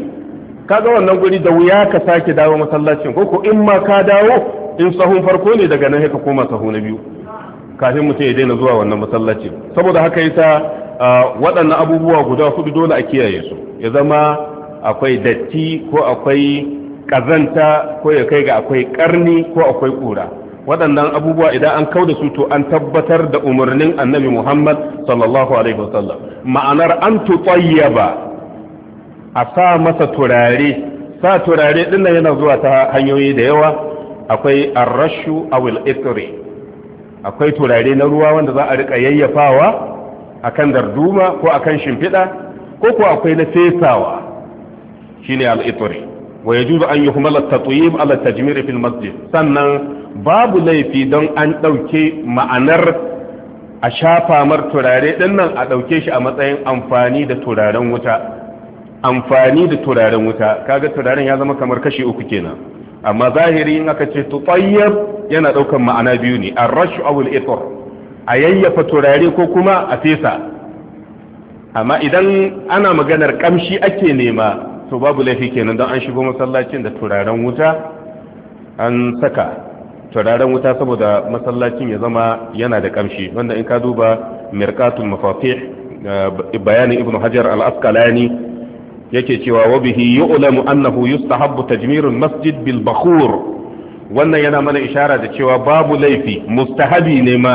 kaga wannan guri da wuya ka sake dawo masallacin ko ko in ma ka dawo in sahun farko ne daga nan ka koma sahu na biyu kafin mutum ya daina zuwa wannan masallacin saboda haka yasa waɗannan abubuwa guda hudu dole a kiyaye su ya zama akwai datti ko akwai ƙazanta ko ya kai ga akwai ƙarni ko akwai ƙura waɗannan abubuwa idan an kau da su to an tabbatar da umarnin annabi muhammad sallallahu alaihi wasallam ma'anar an tutayyaba a sa masa turare sa turare ɗin yana zuwa ta hanyoyi da yawa akwai arrashu awil itri akwai turare na ruwa wanda za a rika yayyafawa akan darduma ko akan shimfiɗa ko ko akwai na fesawa shine al-itri wa yajuzu an yuhmal at-tatyib ala tajmir fil masjid sannan babu laifi don an ɗauke ma'anar a shafa mar turare ɗin nan a ɗauke shi a matsayin amfani da turaren wuta amfani da turaren wuta kaga turaren ya zama kamar kashi uku kenan amma zahiri in aka ce tutayyab yana ɗaukan ma'ana biyu ne a rashu aw al a yayyafa turare ko kuma a fesa amma idan ana maganar kamshi ake nema to babu laifi kenan don an shigo masallacin da turaren wuta an saka turaren wuta saboda masallacin ya zama yana da kamshi wanda in ka duba mirqatul mafatih eh, bayanin ibnu hajar al askalani yake cewa wa bihi yu'lamu annahu yustahabbu tajmirul masjid bil bakhur wannan yana mana ishara da cewa babu laifi mustahabi ne ma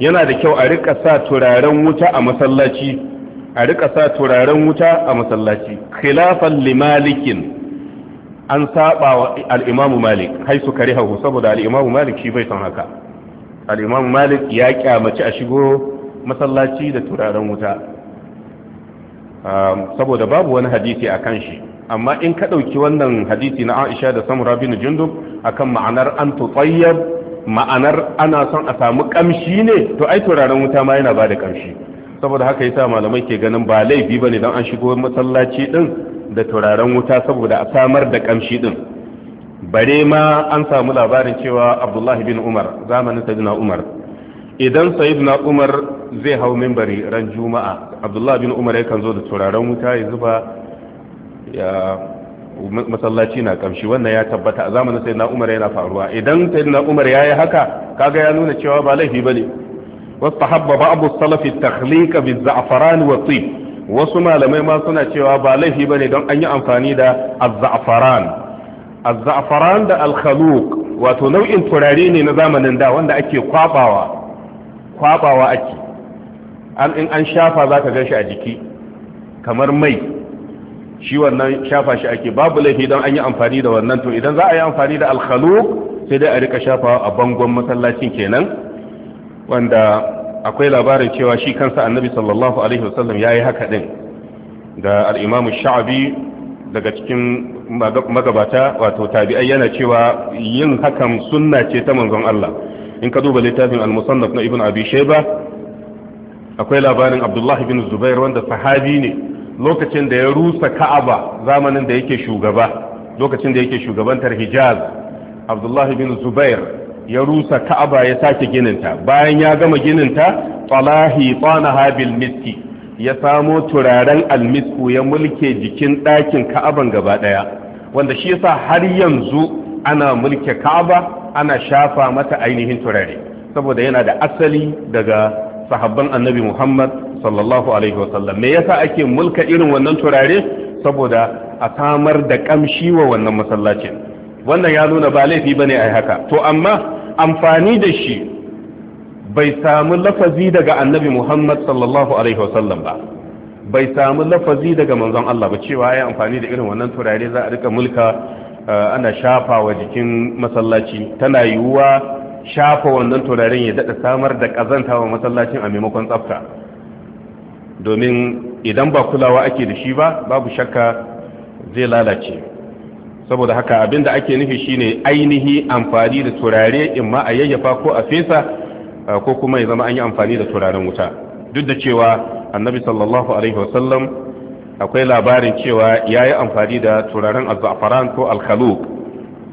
yana da kyau a rika sa turaren wuta a masallaci a rika sa turaren wuta a masallaci khilafan limalikin an saba wa al-imam malik haisu hau, saboda al malik shi bai san haka al malik ya kyamaci a shigo masallaci da turaren wuta um, saboda babu wani hadisi akan shi amma in ka ɗauki wannan hadisi na Aisha da Samura bin Jundub akan ma'anar an tutayyab ma'anar ana son a samu kamshi ne to ai turaren wuta ma yana bada kamshi saboda haka yasa malamai ke ganin ba laifi ba bane dan an shigo masallaci din da turaren wuta saboda a samar da kamshi din bare ma an samu labarin cewa Abdullahi bin Umar zamanin Sayyidina Umar idan Sayyidina Umar zai hau minbari ran Juma'a Abdullahi bin Umar yakan zo da turaren wuta ya zuba ya masallaci na kamshi wannan ya tabbata a zamanin sayyidina Umar yana faruwa idan sayyidina Umar yayi haka kaga ya nuna cewa ba laifi bane wastahabba ba'd as abu salafi takhliq biz-za'faran wa tib wasu malamai ma suna cewa ba laifi ne don an yi amfani da az-za'faran da al wato nau'in turare ne na zamanin da wanda ake kwabawa kwabawa ake an in an shafa zaka gan shi a jiki kamar mai shi wannan shafa shi ake babu laifi don an yi amfani da wannan to idan za a yi amfani da alkhaluq sai dai a rika shafawa a bangon masallacin kenan wanda akwai labarin cewa shi kansa annabi sallallahu alaihi wasallam yayi haka din da al-imamu daga cikin magabata wato tabi'ai yana cewa yin hakan sunna ce ta manzon Allah in ka duba littafin al-musannaf na ibn abi shayba akwai labarin abdullahi bin zubair wanda sahabi ne lokacin da ya rusa ka'aba zamanin da yake shugaba lokacin da yake shugabantar hijaz abdullahi bin zubair ya rusa ka'aba ya sake gininta bayan ya gama gininta falahi tsanaha bil miski ya samo turaren almisku ya mulke jikin ɗakin ka'aban gaba ɗaya wanda shi yasa har yanzu ana mulke ka'aba ana shafa mata ainihin turare saboda yana da asali daga sahabban annabi muhammad sallallahu alaihi wasallam me yasa ake mulka irin wannan turare saboda a samar da kamshi wa wannan masallacin wannan ya nuna ba laifi bane ai haka to amma amfani da shi bai samu lafazi daga annabi Muhammad sallallahu alaihi wasallam ba bai samu lafazi daga manzon Allah ba cewa ya amfani da irin wannan turare za a rika mulka eh, ana shafa wa jikin masallaci tana yiwuwa shafa wannan turaren ya daɗa samar da ƙazanta wa masallacin a maimakon tsafta domin idan ba kulawa ake da shi ba babu shakka zai lalace saboda haka abin da ake nufi shine ainihi amfani da turare in ma a yayyafa ko a fesa ko kuma ya zama an yi amfani da turaren wuta duk da cewa annabi sallallahu alaihi wasallam akwai labarin cewa ya yi amfani da turaren azafaran ko alkalu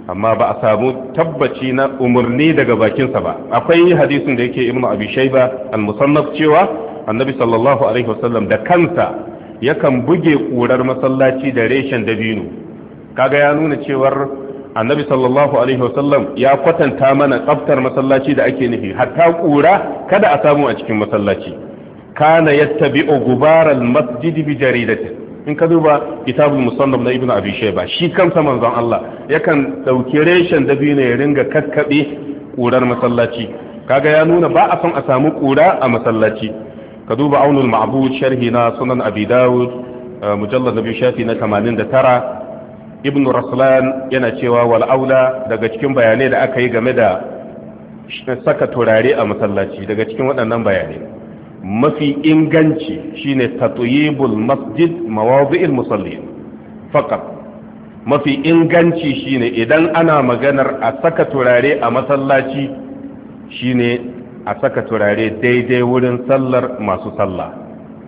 amma ba a samu tabbaci na umarni daga bakinsa ba akwai hadisin da yake ibnu abi shayba al-musannaf cewa annabi sallallahu alaihi wasallam da kansa yakan buge kurar masallaci da reshen dabino kaga ya nuna cewar annabi sallallahu alaihi wasallam ya kwatanta mana tsaftar masallaci da ake nufi hatta kura kada a samu a cikin masallaci kana yattabi'u gubaral masjid bi jaridati in ka duba kitabul musannaf na ibnu abi shayba shi kansa manzon Allah yakan dauki reshen dabino ya ringa kakkabe kurar masallaci kaga ya nuna ba a son a samu kura a masallaci ka duba aunul ma'abu sharhi na sunan abi dawud eh, mujallad nabi shafi na 89 Ibn raslan yana cewa wal daga cikin bayanai da aka yi game da saka turare a masallaci daga cikin waɗannan bayanai mafi inganci shine tatyibul masjid mawadi'il musallin faqat mafi inganci shine idan ana maganar a saka turare a masallaci shine a saka turare daidai wurin sallar masu sallah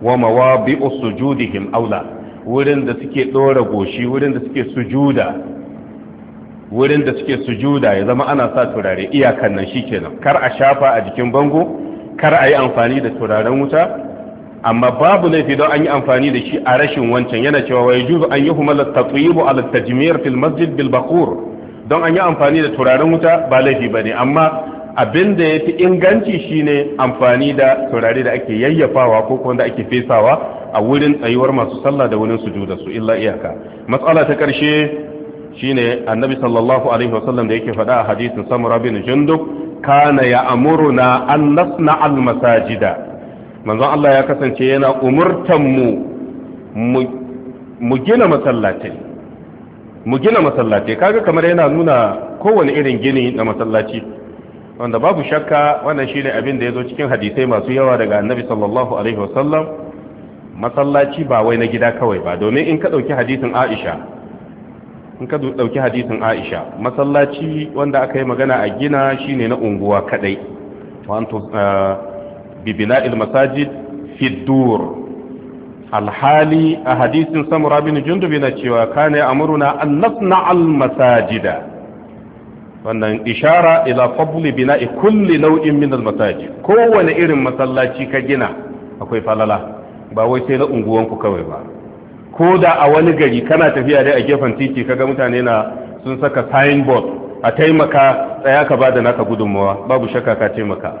wa mawabi'u sujudihim aula wurin da suke dora goshi wurin da suke sujuda wurin da suke sujuda ya zama ana sa turare iyakan nan shikenan kar a shafa a jikin bango kar a yi amfani da turaren wuta amma babu laifi don an yi amfani da shi a rashin wancan yana cewa wai yajuzu an yi humala tatwibu ala tajmir fil masjid bil baqur don an yi amfani da turaren wuta ba laifi bane amma abin da ya fi inganci shine amfani da turare da ake yayyafawa ko wanda ake fesawa a wurin tsayuwar masu sallah da wurin sujuda su illa iyaka matsala ta karshe shine annabi sallallahu alaihi wasallam da yake faɗa a hadisin samura bin jundub kana ya amuruna an nasna al masajida manzon Allah ya kasance yana umurtan mu mu gina masallatai mu gina masallatai kaga kamar yana nuna kowane irin gini na masallaci wanda babu shakka wannan shine abin da ya zo cikin hadisai masu yawa daga annabi sallallahu alaihi wasallam masallaci ba wai na gida kawai ba domin in ka ɗauki hadisin aisha in ka ɗauki hadisin aisha masallaci wanda aka yi magana a gina shine na unguwa kadai wanto eh, bibina ilmasajid fidur alhali a hadisin samura bin jundubi na cewa kana amuruna an nasna al masajida wannan ishara ila fadli bina'i kulli nau'in min al kowane irin masallaci ka gina akwai falala ba wai sai na unguwanku kawai ba ko da a wani gari kana tafiya dai a gefen titi kaga mutane na sun saka sign board a taimaka tsaya ka bada naka gudunmawa babu shakka ka taimaka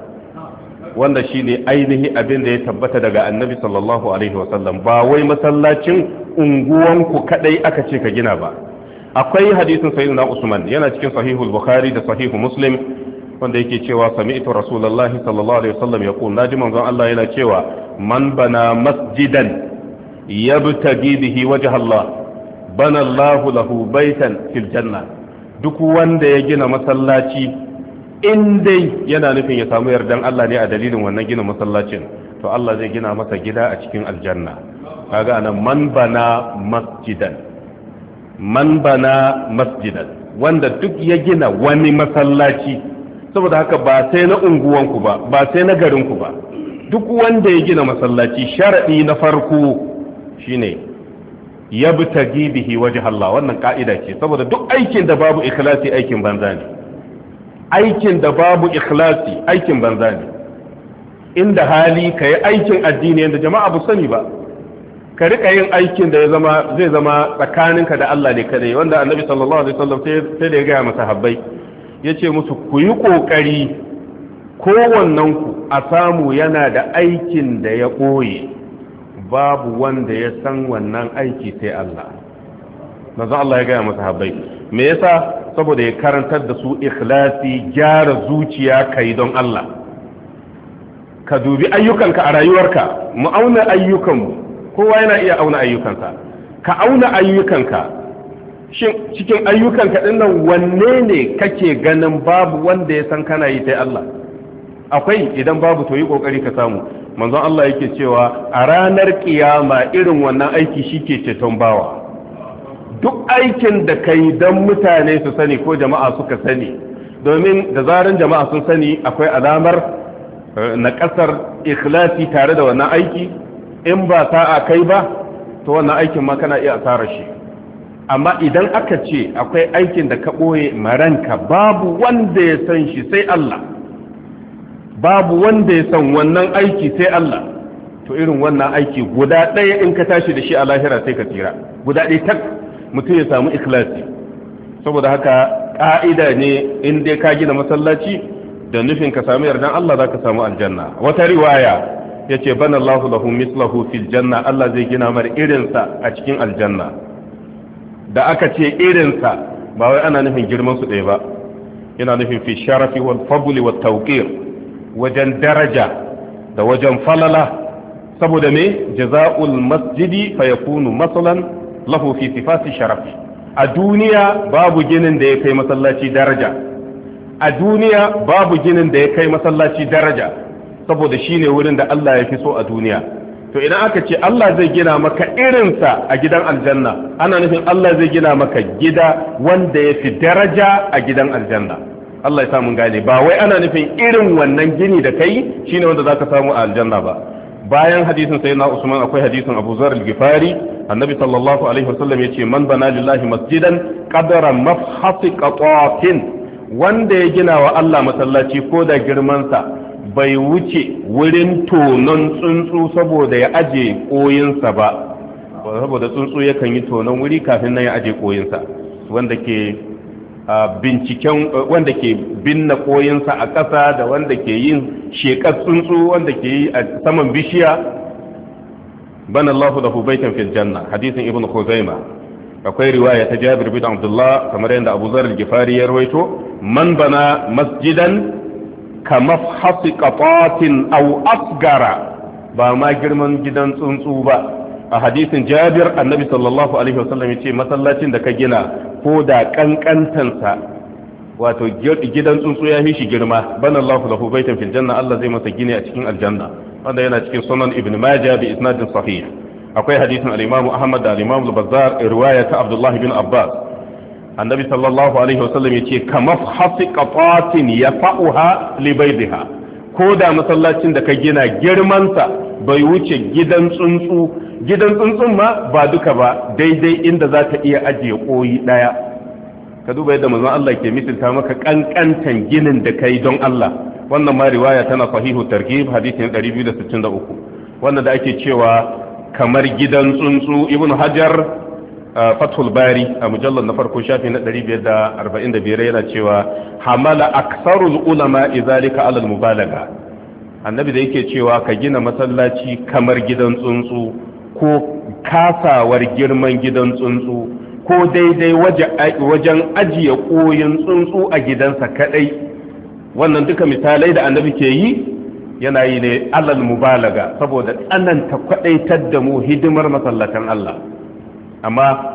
wanda shine ainihi abin da ya tabbata daga annabi sallallahu alaihi wasallam ba wai masallacin unguwanku kadai aka ce ka gina ba akwai hadisin sayyidina usman yana cikin sahihul bukhari da sahihu muslim wanda yake cewa sami'tu rasulullahi sallallahu alaihi wasallam yaqul naji manzon Allah yana cewa man bana masjidan yabtagi bihi wajha Allah bana Allah lahu baitan fil janna duk wanda ya gina masallaci in dai yana nufin ya samu yardan Allah ne a dalilin wannan gina masallacin to Allah zai gina masa gida a cikin aljanna kaga anan man bana masjidan man bana masjidan wanda duk ya gina wani masallaci saboda haka ba sai na unguwanku ba ba sai na garinku ba duk wanda ya gina masallaci sharaɗi na farko shine ya bi ta bihi waje Allah wannan ka'ida ce saboda duk aikin da babu ikhlasi aikin banza ne aikin da babu ikhlasi aikin banza ne inda hali ka yi aikin addini yadda jama'a bu sani ba ka rika yin aikin da ya zama zai zama tsakaninka da Allah ne kadai wanda annabi sallallahu alaihi wasallam sai da ya gaya masa habbai yace musu ku yi kokari kowannen ku a samu yana da aikin da ya koye babu wanda ya san wannan aiki sai Allah manzo Allah ya gaya masa habbai me yasa saboda ya karantar da su ikhlasi gyara zuciya kai don Allah ka dubi ayyukanka a rayuwarka mu auna ayyukanmu kowa yana iya auna ayyukansa ka auna ayyukanka shin cikin ayyukanka din nan wanne ne kake ganin babu wanda ya san kana yi sai Allah akwai idan babu to yi kokari ka samu manzon Allah yake cewa a ranar kiyama irin wannan aiki shike ceton bawa duk aikin da kai dan mutane su sani ko jama'a suka sani domin da zaran jama'a sun sani akwai alamar eh, na kasar ikhlasi tare da wannan aiki in ba a kai ba to wannan aikin ma kana iya tsara shi amma idan aka ce akwai aikin da ka ɓoye maranka babu wanda ya san shi sai Allah babu wanda ya san wannan aiki sai Allah to irin wannan aiki guda ɗaya in ka tashi da shi a lahira sai ka tsira guda ɗaya tak mutum ya samu ikhlasi saboda haka ƙa'ida ne in dai ka gina masallaci da nufin ka samu yardan Allah za ka samu aljanna wata riwaya yace banallahu lahu mislahu fil janna Allah zai gina mar irinsa a cikin aljanna da aka ce irinsa ba wai ana nufin girman su ɗaya ba yana nufin fi sharafi wal fabuli wat tawqir wajen daraja da wajen falala saboda me jaza'ul masjidi fayakunu masalan lahu fi sifati sharafi a duniya babu ginin da ya kai masallaci daraja a duniya babu ginin da ya kai masallaci daraja saboda shi ne wurin da Allah ya fi so a duniya to idan aka ce Allah zai gina maka irinsa a gidan aljanna ana nufin Allah zai gina maka gida wanda ya fi daraja a gidan aljanna Allah ya samu gane ba wai ana nufin irin wannan gini da kai shine wanda zaka samu a aljanna ba bayan hadisin na Usman akwai hadisin Abu Zar al annabi sallallahu alaihi wasallam ce, man bana lillahi masjidan qadara mafhasi qatatin wanda ya gina wa Allah masallaci ko da girman sa bai wuce wurin tonon tsuntsu saboda ya aje koyinsa ba saboda tsuntsu yakan yi tonon wuri kafin nan ya aje koyinsa wanda ke binciken wanda ke binna koyinsa a ƙasa da wanda ke yin shekar tsuntsu wanda ke yi a saman bishiya bana Allahu da hubaitan fil janna hadisin ibn khuzaima akwai riwaya ta Jabir bin Abdullah kamar yadda Abu Zar al-Ghifari ya rawaito man bana masjidan kamar hafi ƙafatin au asgara ba ma girman gidan tsuntsu ba a hadisin jabir annabi sallallahu alaihi wasallam ya ce masallacin da ka gina ko da kankantansa wato gidan tsuntsu ya fi shi girma bana Allah lahu baitan fil janna Allah zai masa gini a cikin aljanna wanda yana cikin sunan ibn majah bi isnadin sahih akwai hadisin al-imam ahmad da al-imam al-bazzar riwaya ta abdullah bin abbas annabi sallallahu alaihi wasallam ya ce kamar hafi kafatin ya fa'uha libaidiha ko da masallacin da ka gina girmansa bai wuce gidan tsuntsu gidan tsuntsun ma ba duka ba daidai inda za ta iya ajiye koyi ɗaya ka duba yadda manzon Allah ke misalta maka kankantan ginin da kai don Allah wannan ma riwaya tana sahihu targhib hadisin 263 Wannan da ake cewa kamar gidan tsuntsu ibnu hajar fathul bari a mujallar na farko shafi na 545 yana cewa hamala aksarul ulama izalika alal mubalaga annabi da yake cewa ka gina masallaci kamar gidan tsuntsu ko kasawar girman gidan tsuntsu ko daidai wajen ajiye koyin tsuntsu a gidansa kadai wannan duka misalai da annabi ke yi yana yi ne alal mubalaga saboda tsananta kwadaitar da mu hidimar masallatan Allah amma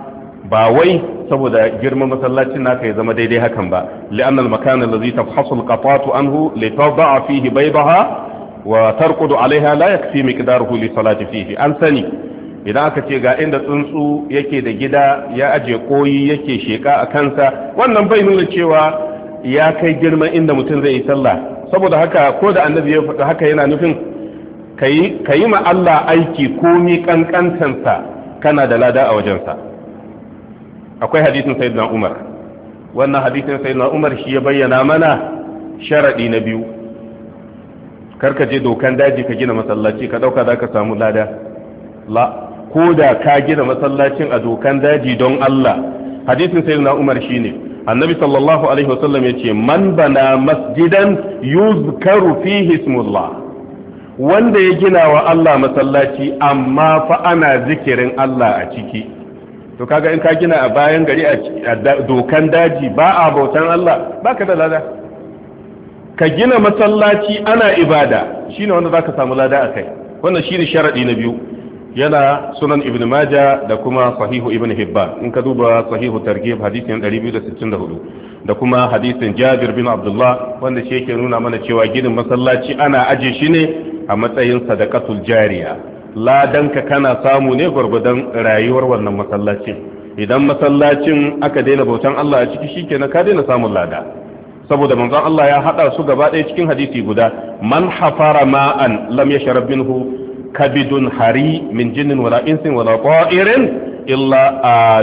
ba wai saboda girman masallacin naka ya zama daidai hakan ba li'annal makan allazi tafhasu alqatatu anhu li tad'a fihi baydaha wa tarqudu alaiha la yakfi miqdaruhu li salati fihi an sani idan aka ce ga inda tsuntsu yake da gida ya aje koyi yake sheka a kansa wannan bai nuna cewa ya kai girman inda mutum zai yi sallah saboda haka ko da annabi ya faɗa haka yana nufin kayi ma Allah aiki komi kankantansa kana da lada a wajensa akwai hadisin sayyidina umar wannan hadisin sayyidina umar shi ya bayyana mana sharaɗi na biyu karka je dokan daji ka gina masallaci ka dauka zaka samu lada la ko da ka gina masallacin a dokan daji don Allah hadisin sayyidina umar ne, annabi sallallahu alaihi wasallam yace man bana masjidan yuzkaru fihi ismullah wanda ya gina wa Allah masallaci amma fa ana zikirin Allah a ciki to kaga in ka gina a bayan gari a dokan daji ba a bautan Allah baka da lada ka gina masallaci ana ibada shine wanda zaka samu lada akai wannan shine sharadi na biyu yana sunan ibn maja da kuma sahihu ibn hibba in ka duba sahihu targhib hadisin 264 da kuma hadisin jabir bin abdullah wanda shi yake nuna mana cewa ginin masallaci ana aje shi ne a matsayin sadaqatul jariya ladanka kana samu ne gwargwadon rayuwar wannan masallacin idan masallacin aka daina bautan Allah a ciki na ka daina samun lada saboda manzon Allah ya hada su gaba ɗaya cikin hadisi guda man hafara ma'an lam yashrab minhu kabidun hari min jinnin wala insin wala ta'irin illa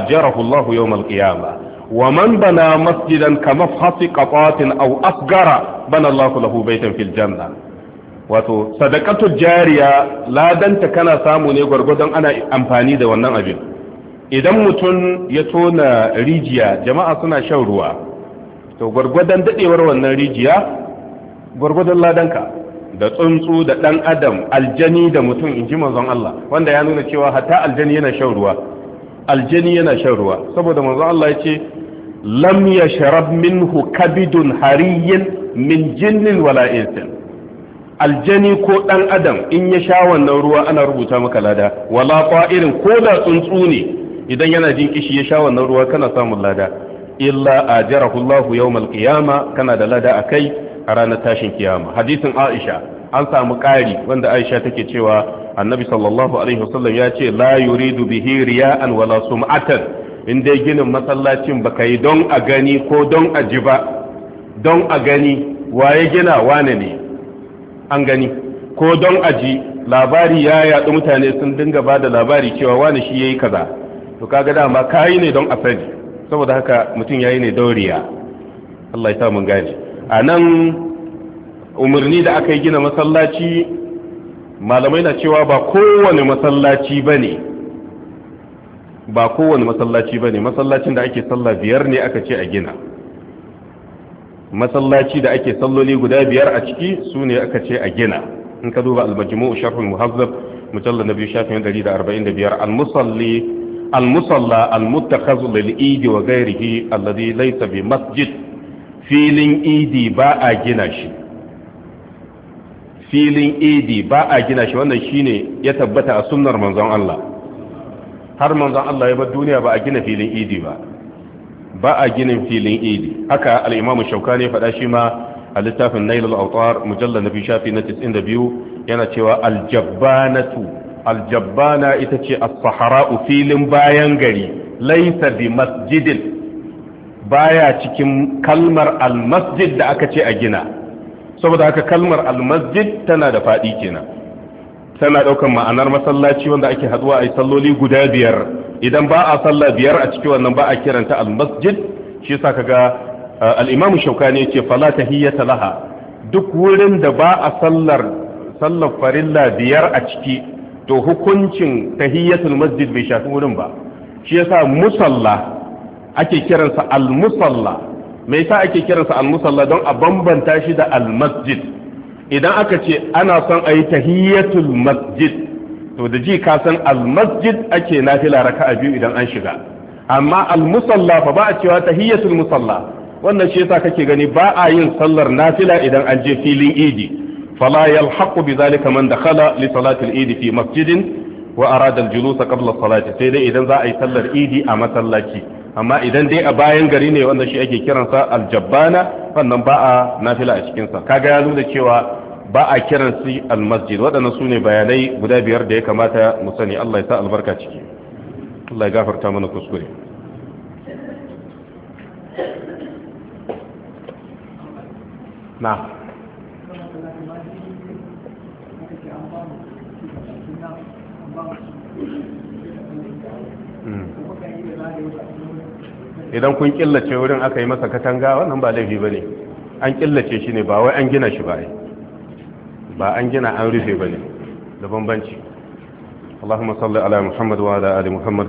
ajarahu Allah yawm al-qiyamah ومن بنى مسجدا كمفحص قطات او اصغر بنى الله له بيتا في الجنه wato sadakatu jariya ladanta kana samu ne gwargwadon ana amfani da wannan abin idan mutum ya tona rijiya jama'a suna shan ruwa to gwargwadon dadewar wannan rijiya gwargwadon ladanka da tsuntsu da ɗan adam aljani da mutum in ji manzon Allah wanda ya nuna cewa hatta aljani yana shan ruwa aljani yana shan ruwa saboda manzon Allah ya ce lam yashrab minhu kabidun hariyyin min jinnin wala insin aljani ko ɗan adam in ya sha wannan ruwa ana rubuta maka lada wala qa'irin ko da tsuntsu ne idan yana jin kishi ya sha wannan ruwa kana samun lada illa ajarahu Allah yawmal qiyama kana da lada akai a ranar tashin kiyama hadisin aisha an samu ƙari wanda aisha take cewa annabi sallallahu alaihi wasallam ya ce la yuridu bihi riya'an wala sum'atan in dai ginin masallacin baka yi don a gani ko don a ji ba don a gani waye gina wane ne an gani ko don a ji labari ya yaɗu mutane sun dinga ba da labari cewa wane shi yayi kaza to kaga dama kayi ne don a sani saboda haka mutum yayi ne dauriya Allah ya sa mun gane a nan umarni da aka yi gina masallaci malamai na cewa ba kowane masallaci ba ne ba kowane masallaci ba ne masallacin da ake sallah biyar ne aka ce a gina masallaci da ake salloli guda biyar a ciki su ne aka ce a gina in ka duba al-majmu'u sharhul muhazzab mujallad na biyu shafin 145 al-musalli al-musalla al-muttakhaz lil wa ghayrihi alladhi laysa bi masjid filin idi ba a gina shi filin idi ba a gina shi wannan shine ya tabbata a sunnar manzon Allah har manzon Allah ya bar duniya ba a gina filin idi ba ba a ginin filin idi haka al-imamu shaukani faɗa shi ma a littafin nailul autar mujallar na shafi na 92 yana cewa aljabbanatu aljabbana ita ce as-sahra'u filin bayan gari laysa bi masjidin baya cikin kalmar almasjid da aka ce a gina saboda haka kalmar almasjid tana da faɗi kenan tana ɗaukar ma'anar masallaci wanda ake haduwa a salloli guda biyar idan ba a salla biyar a cikin wannan ba a kiranta almasjid shi yasa kaga uh, al shaukani yace fala tahiyyata laha duk wurin da ba a sallar sallar farilla biyar a ciki to hukuncin tahiyyatul masjid bai shafi wurin ba shi yasa musalla ake kiransa al-musalla mai sa ake kiransa al-musalla don a bambanta shi da al-masjid idan aka ce ana son a yi tahiyyatul masjid to da ji ka san al-masjid ake nafila raka'a biyu idan an shiga amma al-musalla fa ba a cewa tahiyyatul musalla wannan shi yasa kake gani ba a yin sallar nafila idan an je filin idi fala yalhaqu bi zalika man dakhala li salati idi fi masjidin wa arada al-julusa qabla salati sai dai idan za a yi sallar idi a masallaci amma idan dai a bayan gari ne wanda shi ake kiransa aljabbana wannan ba a nafila a cikinsa kaga ya zo da cewa ba a kiran su almasjid waɗannan su ne bayanai guda biyar da ya kamata mu sani Allah ya sa albarka ciki Allah ya gafarta mana kuskure na you. Hmm. idan kun killace wurin aka yi masa katanga wannan ba laifi ba ne an killace shi ne ba wai an gina shi ba yi ba an gina an rufe ba ne da bambanci allahumma salli ala muhammad wa ala ali muhammad